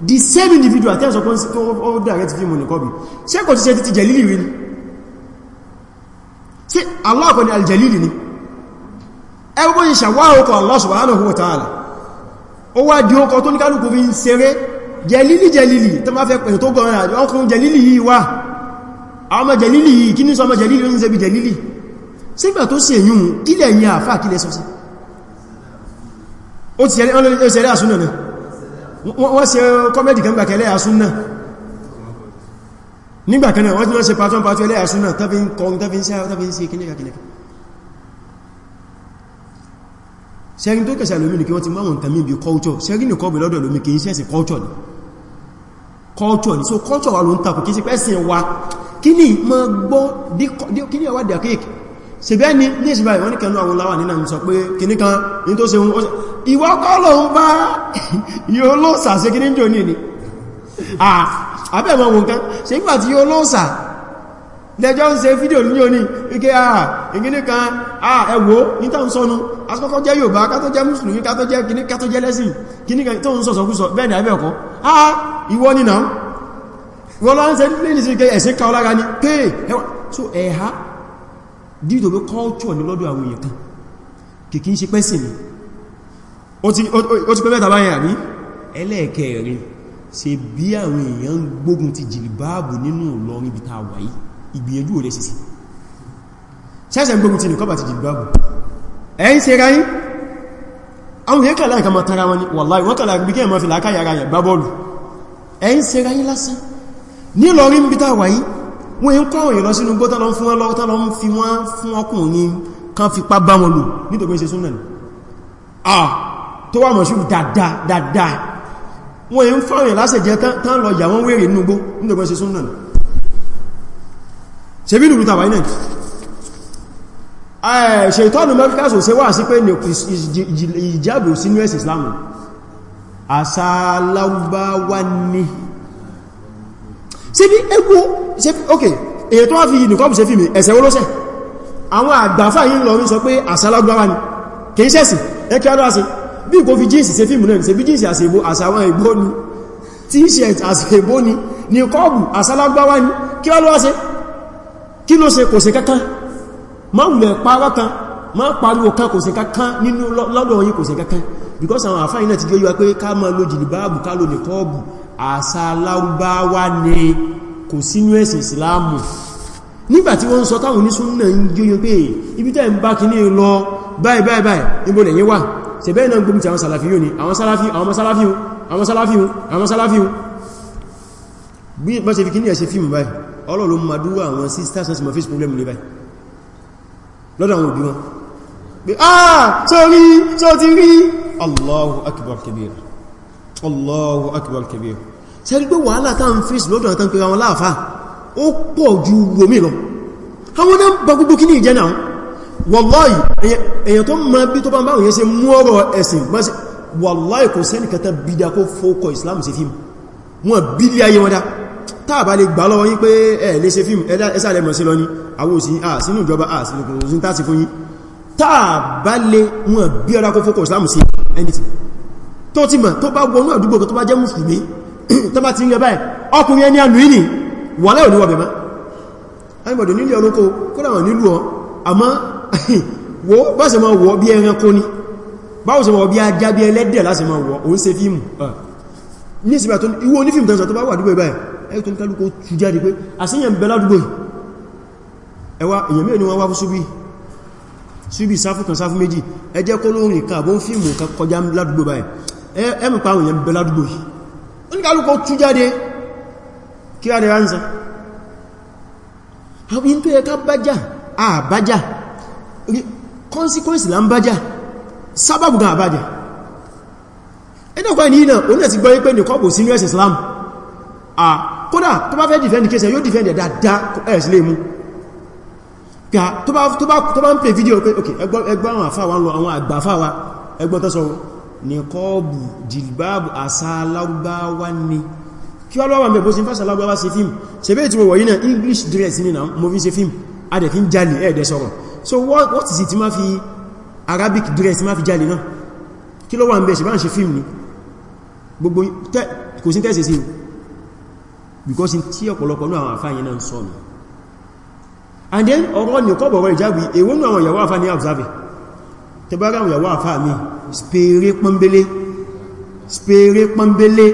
the same individual tẹ́sọ pọ́n sí ó direct fíìmù ní kọ́bí ṣe kò ti ṣe títí jẹ̀lìlì rí Allah kọ́ ni aljẹ̀lìlì ni ẹgbẹ́ ìṣà wá ọkọ̀ Allah subhanahu wa ta'ala ó wá di ọkọ̀ tó ní kálukú fi ń ṣeré jẹ̀lìlì jẹ̀lìlì tó má fẹ́ pẹ̀lú tó àwọn ọmọ jẹ̀lílì yìí kí ní sọ ọmọ jẹ̀lílì oúnjẹ bí jẹ̀lílì sígbà tó sí èyún kílẹ̀ yìí àfà kílẹ̀ sọ sí ó ti ṣẹlẹ̀ àsúnà náà wọ́n ṣe kọ́mẹ́dì kan gbà kẹlẹ́ àsúnà nígbà kan náà wọ́n ti wọ́n ṣe pàtún pàtún ẹlẹ́ àsúnà tàbí ń kọrin tàbí ń ṣe kílẹ̀kílẹ̀ sẹ́rí tó kẹsẹ̀ lómi ní kí wọ́n ti máwọn tàmí ibi culture sẹ́rí ní kọ́bẹ̀ lọ́dọ̀ lómi kì í ṣẹ̀sì culture ni culture ni so culture wà ló ń takò kì í sí pẹ́sìn wa kíní mọ́ gbọ́ kíní ẹwà dàkíkì ṣebẹ́ ni ní ìṣẹ́bà ìwọ́n ní kẹnu àwọn láwà nínú sọ pé kíní kan ní tó ṣe ohun ìwọ́ kọ́lọ̀ ń bá <laughs> yóò lọ́sà sí kíní jò ní ní àbẹ́mọ̀ wọn kan ṣe nígbà tí yóò lọ́sà lẹ́jọ́ ń ṣe fídíò ní òní ike àà ìgíní kan àà ẹ̀wò ní tàà ń sọ́nu asọ́kọ́ jẹ́ Yorùbá kátó jẹ́ mùsùlùmí kátó jẹ́ kíní kátó jẹ́ lẹ́sìn kíní kan tó ń sọ̀sọ̀kúsọ̀ bẹ́ẹ̀ ni àbẹ́ ọ̀kọ́ àà ìwọ nínà wọ́n lọ́n ṣe ní sí kẹ́ ẹ̀sìn ká ọlára ní pé so ẹ̀há dídò pé culture àwọn èèyàn ń ni ó ti pẹ́ mẹ́ta báyìí àbí ẹlẹ́ẹ̀kẹ́rin ṣe bí àwọn èèyàn gbógun ti jìlìbáàbù nínú Ìlọrin ibi ta wà yìí ìgbìyànjú ò lè ṣe sí ṣẹ́ṣẹ̀ gbógun ti nìkan bá ti jìlìbáàbù ẹ̀ ń ṣe ra yín àwọn èèyàn kàlá nǹkan mọ̀ tara wọn ni wàláì wọ́n kàlá bí kẹ́ mọ́ ní lọrí ń bí tàwà yìí wọ́n ń kọ́ òyìn lọ sínú gbọ́ tọ́lọ fún wọn lọ́wọ́ tọ́lọ fi wọ́n fún ọkùnrin kan fi pa bá wọn lò nítorí ṣe súnà ah tó wà mọ̀ṣù dáadáa dáadáa wọ́n ń fọ́rin lásẹ̀ jẹ́ tán lọ yà wọ́n wèrè núgbó nítorí ṣe súnà ṣe bí lùrù tàwà náà ṣe ìtọ́nù mẹ́ríkà sọ ṣe wà sí pé ìjábò sínú ẹ̀sìn Islam àṣà láwùbáwá ní ṣe bí ẹgbó ṣe ok èyàn tó wá fi nìkan bù ṣe fi mi ẹ̀sẹ̀ olóṣẹ̀ àwọn àgbàfà yìí lọ rí sọ pé àṣàlágbára ni kìí ṣẹ̀sì ẹkẹ́ adọ́ àṣì bí kò fi jíǹsì ṣe fíìmù náà ṣe bí jíǹsì àṣèbó ni t-shirt àṣèbó ni ní kọ́ọ̀bù àṣàlágbára ni kí wá ló wá ṣe kí ló ṣe kò ṣe kankan má wùlẹ̀ parọ́ kan because àwọn àfáà yìí náà ti jẹ́ yíwa pé ká máa lo jìlìbáàbù ká àṣà aláwúbáwá ni kò sínú ẹ̀sìn ìsìláàmù nígbàtí wọ́n ń sọ táwọn onísúnnà ń jíyàn pé ibi tẹ́ ń bá kí ní lọ báyìí báyìí báyìí níbo lẹ́yìn wà ṣẹ̀bẹ́ iná gbógun ti àwọn sàlàfí lọ́dọ̀ àwọn òbí wọn pé ah sọ rí ti rí Allahu akbar kabira Allahu akbar kabir ṣe rí pé wàhálà tá ń fèsì lọ́dọ̀ àtàn pé àwọn láàfá ó pọ̀ ju gbomi lọ àwọn náà bá gbogbo kí ní ìjẹ́ náà wallahi èyàn tó ma bí tó bá ń báwọn yẹn ṣe mú ọ̀rọ̀ ẹ̀sìn wallahi kò sẹ́nì kẹta bídá kó fókọ Islam ṣe fíìmù wọn bílí ayé wọn dá tàbá lè gbà lọ́wọ́ yí pé ẹ̀ lè ṣe fíìmù ẹ̀sà lẹ́mọ̀ sí lọ ní àwọn òsìn àsínú ìjọba àsìnkò òsìn tàà sí fún yí tàbá lè wọn bí ọ̀rá kó fókọ Islam ṣe anything tó ti mọ̀ tó bá wọnú àdúgbò kan tó bá jẹ́ mùsùlùmí <clears throat> tó bá ti ń rẹ báyìí ọkùnrin ẹni àlù ìní wà láò ní wọ̀bẹ̀ má ayébọ̀dọ̀ nílé ọlọ́kọ́ kódà wọn nílùú ọ àmọ́ <laughs> wo bá ṣe máa wọ bí ẹranko ni báwo ṣe wọ bí ajá bí ẹlẹ́dẹ̀ láti máa wọ òun ṣe fíìmù ah. ní ìsinmi àtọ́ iwó onífíìmù tẹ́sà tó bá wà dúgbò báyìí ẹ̀yí tó ń kálukó tú jáde pé àṣíyàn ń bẹ ládùgbò ẹwà èyàn mẹ́rin wọn wá fún súbí súbí sáfù kan sáfù méjì ẹjẹ́ kó lórin kàbọ́n fíìmù kọjá ládùgbò báyìí ẹmù eh, eh, pa àwọn èèyàn bẹ ládùgbò yìí oníkàlùkọ́ tú jáde kí a lè ránṣà àwọn ìntò ẹka bájá àbájá consequence là ń bájá sábàbùgán àbájá ẹ̀dọ́kọ́ ìní náà oní ẹ̀sì gbọ́ pé nìkọ́bù sínú ẹ̀sì Islam à kódà tó bá fẹ́ defend case yóò defend ẹ̀dá dá ẹ̀sì lè mú tó bá ń pè fídíò pé ok ẹgbọ́n àwọn àfáwà àwọn àgbà àfáwà ẹgbọ́n tó nìkọ́ọ̀bù jìlbáàbù àṣà ni kí wá lọ́wọ́ mẹ́bọ́ sí ń fásà alágbáwá sí fíìmù ṣe bẹ́ẹ̀ tí mo wọ̀nyí náà english dress ní náà mo fi ṣe fíìmù adẹ̀fí ń jalè ẹ̀ẹ́dẹ̀ sọ̀rọ̀ so what, what is it ma fi arabic dress ma fi jalè náà kí lọ́wọ́ mẹ́ ṣe bá ni gbogbo kò sí tẹ́sẹ̀ because tí ọ̀pọ̀lọpọ̀ náà àwọn àfáyìn náà ń and then ọ̀rọ̀ nìkọ́bọ̀rọ̀ ìjáwí èwo náà àwọn ìyàwó àfáà ní tẹbára àwọn ìyàwó àfáà mi spere pọ́nbélé spere pọ́nbélé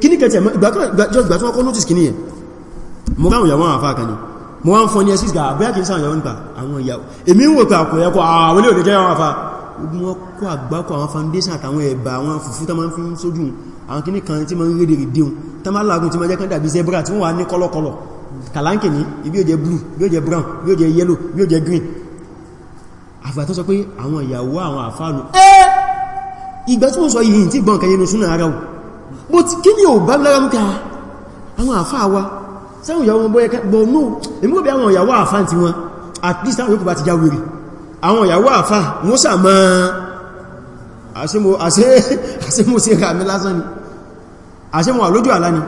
kí ní kẹtẹ̀ ìgbà tó ọkọ̀ notice kì ní ẹ̀ mo ráwọn ìyàwó àfáà kan ní mo wá ń fọ́ ní ẹsí ìgbà àbúyá kì í sáwọn ìyàwó nípa àwọn ìyàwó èmi ń wò pé àkùnrin ẹkọ àwọn ilé òkèkẹ́ àwọn àfáà ogun wọn kó àgbákọ àwọn foundation àtàwọn ẹ̀bà àwọn fùfú tó máa ń fi ń sójú àwọn kìíní kan tí máa ń rédè rèdè ohun tó máa lágùn tí máa jẹ́ kán dàbí zebra yellow bí ó green àfà tó sọ pé àwọn ìyàwó àwọn àfáàlù ẹ́ ìgbà tí mo sọ yìí tí gbọ́n kẹyẹnu súnà ara wù bó ti kí ni ò bá lára mú ká àwọn àfáà wa sáwọn ìyàwó wọn bóyẹ gbọ́nú èmi kò bí àwọn ìyàwó àfá ti wọn at least àwọn yóò bá ti já wèrè àwọn ìyàwó àfá wọ́n sàmọ́ àṣẹ́mọ́ sí ra mi lásán ni àṣẹ́mọ́ àlójú àlá ni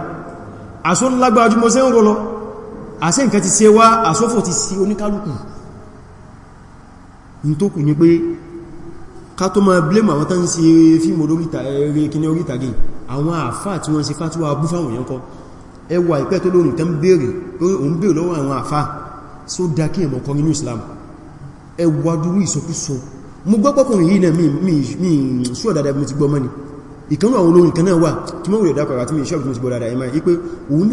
àṣọ́ ńlágbájú mọ́ sẹ́ ń rọ lọ àṣẹ́ nǹkan ti ṣe wá àṣọ́fò ti sí oníkálùkù ní tó kù ní pé ká tó máa blame àwọn tán sí fíìmù oríta eré eh, kíní oríta gẹ̀ àwọn àfá tí wọ́n ṣe fátúwà bú fáwọn èèyàn kọ ẹwà ìpẹ́ tó lóòrùn tán bèèrè òun bèèrè lọ́wọ́ àwọn àfá só dá kí Islam ẹwà dúró ìsọkúsọ mo gbọ́ pọ́kùnrin yìí náà mi sùọ́ dáadáa bí mo ti ni ìkanú àwọn olórin kan náà wà tí mọ́ rẹ̀ dákọ̀rọ̀ àti mi ìṣọ́bù tí mo ti gbọ́ dáadáa ẹ̀mà yí pé òun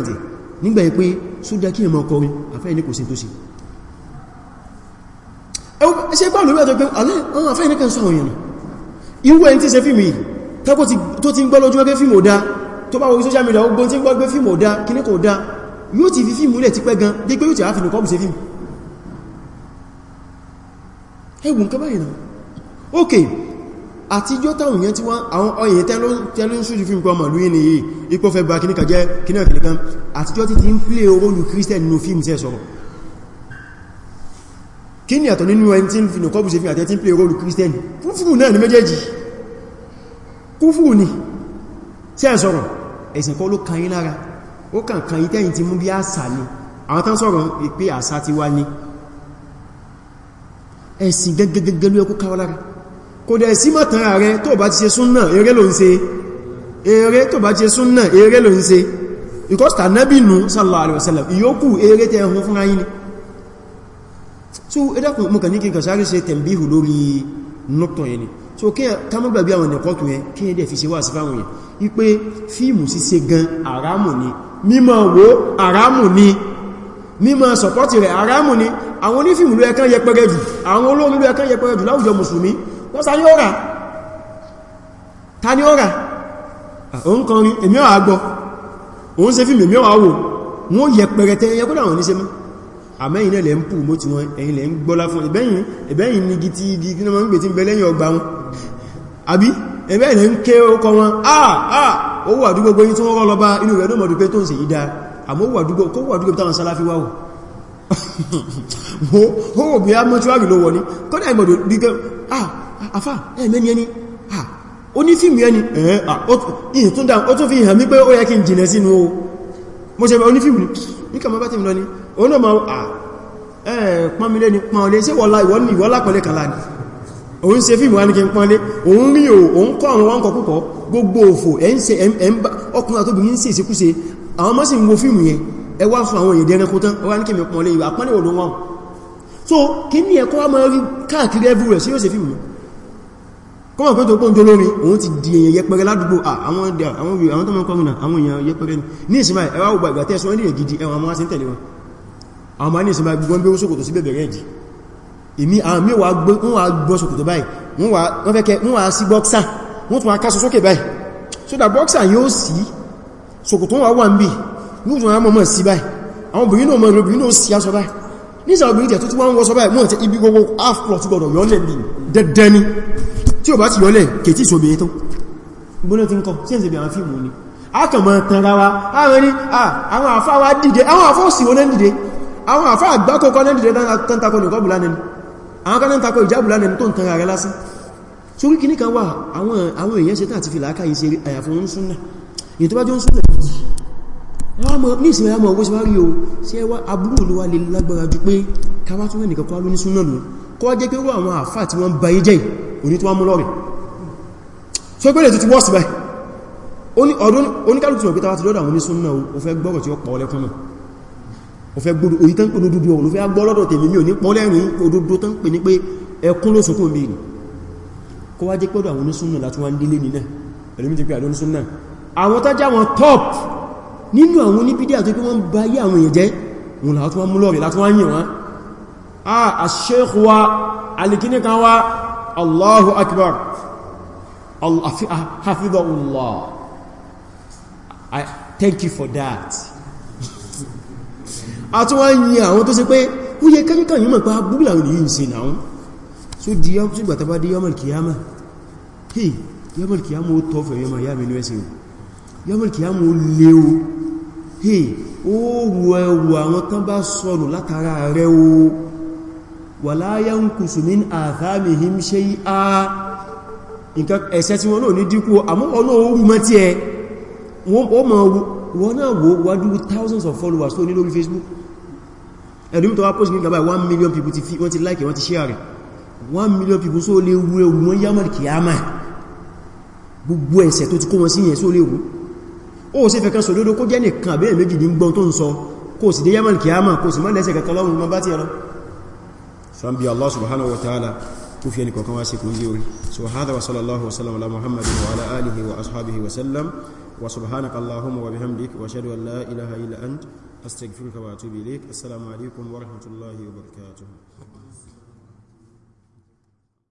náà nígbà yí pé sójá kí ẹmọ kọrin àfẹ́ ní kò sí tó sí ṣe pàlú rí àtọ́ pé àwọn àfẹ́ ní kan sọ òyìn irú ẹni tí ṣe fíìmù yìí tó ti ń gbọ́ lójú ẹgbẹ́ fíìmù ọ̀dá tó bá wọ social media ogun tí ń gbọ́gbẹ́ fíìmù ọ̀dá kí ní kò dá yóò ti fi fíìmù rẹ̀ ti pẹ́ gan dé pé yóò ti àáfin nìkan bù ṣe fíìmù ẹgbùn kọ àti jọ táwọn èèyàn tí wọ́n àwọn ọyìn tẹ́lú ń ṣújú fún ìpọ̀ ọmọ lóyìn nìyí ipò fẹ́ bá kìníkà jẹ́ kìníkà kìníkà àtijọ́ tí ti ń plé oróyù Christian nínú fíìmù tẹ́ sọ̀rọ̀ kí ni àtọ̀ nínú ẹni tí ń finú kọ́bù ṣe fi àtẹ́ tí ń plé oróyù Christian kúfùrù náà ni méjèèjì kúfùrù ni tẹ́ sọ̀rọ̀ ẹ̀sìn kọ́ ló kan yín lára ó kàn kan yín tẹ́yìn ti mú bí àṣà ni àwọn tán sọ̀rọ̀ pé àṣà ti wá ní ẹ̀sìn gẹ́gẹ́gẹ́gẹ́ ló ẹkú káwọ́ lára kò dẹ̀ sí mọ̀tàn rẹ tó bá ti ṣe súnnà eré ló ń ṣe eré tó bá ti ṣe súnnà eré ló ń ṣe because tànábì nù sallallahu alaihi wasallam ìyókù eré tẹ́ ẹ̀hún fún ayín ni so ẹdàkùn mọ̀kà ní kíkà sáré ṣe tẹ̀m̀bíhù lórí nọ́tàn yẹn ni so kí kámọ́ gbàgbé àwọn ẹ̀kọ́ tó yẹn kí ẹ̀dẹ̀ fi ṣe wà sí fáwọn yẹn ipé fíìmù ṣíṣe gan àrámù ni mímọ̀ wo àrámù ni mímọ̀ sọ̀pọ̀tì rẹ̀ àrámù ni àwọn onífíìmù ló ẹ̀kan yẹpẹrẹ jù àwọn olóòrùn ló ẹ̀kan yẹpẹrẹ jù láwùjọ mùsùlùmí wọ́n sá ní ọ̀rà ta ní ọ̀rà òun kan rí èmi ọ̀rà gbọ́ òun ṣe fíìmù èmi ọ̀rà wò wọ́n yẹ pẹrẹtẹ ẹyẹ kó dáwọn oníṣẹ́ mọ́ àmẹ́yìn náà lẹ̀ ń pù mọ́ tí wọ́n ẹ̀yìn lẹ̀ ń gbọ́lá fún ìbẹ́yìn ìbẹ́yìn ní igi tí igi náà ń gbè tí ń bẹ lẹ́yìn ọgbà wọn àbí ẹ̀bẹ́yìn lẹ̀ ń ké ọkọ̀ wọn àà owó àdúgbò gbé tí wọ́n rọ́ lọ bá inú rẹ̀ náà mọ̀dúpé tó ń ṣe ní <laughs> afá ẹ̀mẹ́ni ẹni ó ní fíìmù ẹni ẹ̀ẹ́ tó dáa ó tó fi hàn mí pé ó yẹ kí n jìnà sínú o mo ṣe bẹ̀ onífíìmù ní kàmọ́ bá ti mìíràn ni ó náà ma pọ́nmílé ni pọ́nlé sí wọ́lá ìwọ́lá pẹ̀lẹ́ kàlá ni òun ṣe fíìmù wá ní kí n pọ́nlé òun rí òun kọ́ àwọn wọn kọ púpọ̀ gbogbo òfò ọkùnrin àtóbìnrin sí ìsìnkúse àwọn mọ́ sí ń wo fíìmù yẹn ẹ wá fún àwọn èdè ẹranko tán ọwá ní kí mi pọ́nlé ìwà pọ́nlé òdó wọn so kí ní ẹ̀kọ́ wá mọ́ rí káàkiri everywhere sí yóò se fíìmù yẹn kọ́mọ̀ pé tó pọ́n tó lórin òun ti di èyàn yẹpẹrẹ ládùgbò àwọn tọ́mọ̀ kọmìnà àwọn èèyàn yẹpẹrẹ ní ìsinmi ẹwà ògbà ìgbà tẹ́ẹ̀sùn ẹ̀lẹ́ gidi ẹwà mọ́ sí tẹ̀lé wọn àwọn ma ní ìsinmi gbogbo bí ó sókòtò sí bẹ̀bẹ̀rẹ̀ ẹ̀jì èmi àwọn mẹ́wàá gbọ́ sókòtò báyìí wọ́n wá sí bọ́ksà wọ́n tún wá kásọ sókè báyìí so that bọ́ksà yóò sí sókòtò wà wà ń bì ní òtún àwọn ọmọ sí báyìí àwọn obìnrin náà mọ̀ obìnrin náà sí aṣọ báyìí nísà obìnrin tẹ̀ tó tí wọ́n ń wọ́ sọ́bá ìmú àti ibi gbogbo afro tí gbọdọ̀ yọ́lẹ̀ ní dẹ́dẹ́ ní tí ò bá ti yọ́lẹ̀ kètí ìṣòbìnrin tó ni a kàn mọ́ wa àwọn ní àwọn àfá wa dìde àwọn àfá òsì wọn dìde àwọn àfá àgbákò kọ́ dìde tán takọ nìkọ́ bùlá nẹni àwọn kan takọ ìjà bùlá nẹni tó ń tanra rẹ lásán sórí kìíní kan wà àwọn èèyàn ṣe tàà ti fi làákàyè ṣe àyàfún wọ́n mọ̀ ní ìsinmi àmọ̀ owó sí wárí o sí ẹwà abúrú olúwa lè lágbára jù pé káwà tún ẹnìkan kọ́ lóní súnà lò kọ́ jẹ́ pé wọ́n àwọn àfà tí wọ́n bá jẹ́ òní tó wá mú lọ́rin so pẹ́lẹ̀ tó ti wọ́s báyìí oníkálùtù ọ̀pẹ́ tàwà ti lọ́dọ̀ àwọn onísúnà o fẹ́ gbọ́rọ̀ tí ó pọ̀ lẹ́kùn náà o fẹ́ gbọ́rọ̀ orí tán pẹ̀lú dúdú ọ̀rọ̀ fẹ́ gbọ́lọ́dọ̀ tèmi mi ò ní pọ́ lẹ́rin òdúdó tán pè ní pé ẹkún ló sókún mi rì kọ́ wá jẹ́ pẹ́lú àwọn onísúnà láti wá top nínú àwọn oníbídíà tó pé wọ́n bá yí àwọn èèyàn jẹ́ wọn látún wọ́n mú lọ́rẹ̀ látún wọ́n yìn wọ́n a aṣẹ́kù wa alikini wa Allahu akbar hafizahullah. I thank you for that a tún wọ́n yìn àwọn tó sì pé ó yẹ kẹ́kẹ́kẹ́ yìí mọ̀ pé abúgbìlà ò ní yìí sí náà so di yọ́ sí gbàtà bá di yọ́mọ̀lì kìyàmà hey yọ́mọ̀lì kìyàmà ó tọ́fẹ̀ yọ́mọ̀ hey ó wù ẹwù àwọn tán bá sọnù látara rẹ̀ o wala yankusu min athamihim shay'a nǹkan ẹ̀ṣẹ̀ tí wọ́n náà ní dínkù àmọ́ ọlọ́run mọ́ tí ẹ wọ́n mọ̀ wọ́n náà wò wádúrú thousands of followers tó ní lórí Facebook ẹ̀dùn tó wá post ní gbàbá 1 million people ti fi wọ́n ti like wọ́n ti share 1 million people só lè wú ẹwù wọ́n yámọ̀ kìyàmà gbogbo ẹ̀ṣẹ̀ tó ti kó wọn sí yẹn só lè wú ó sì fẹ́ kan sòdodo kó jẹ́ nìkan àbí méjì ní gbọ́n tó ń sọ kó sì dé yamal kìyàmà kó sì mọ́ lẹ́sẹ̀ kankan lọ́rùn mọ́ bá ti ẹ̀rọ sọ́nbí allah subhanahu wa ta'ala kú fi ẹni kọ̀kan allahumma wa wa shadu an la ilaha illa ant astaghfiruka wa atubu ilayk assalamu alaikum wa rahmatullahi wa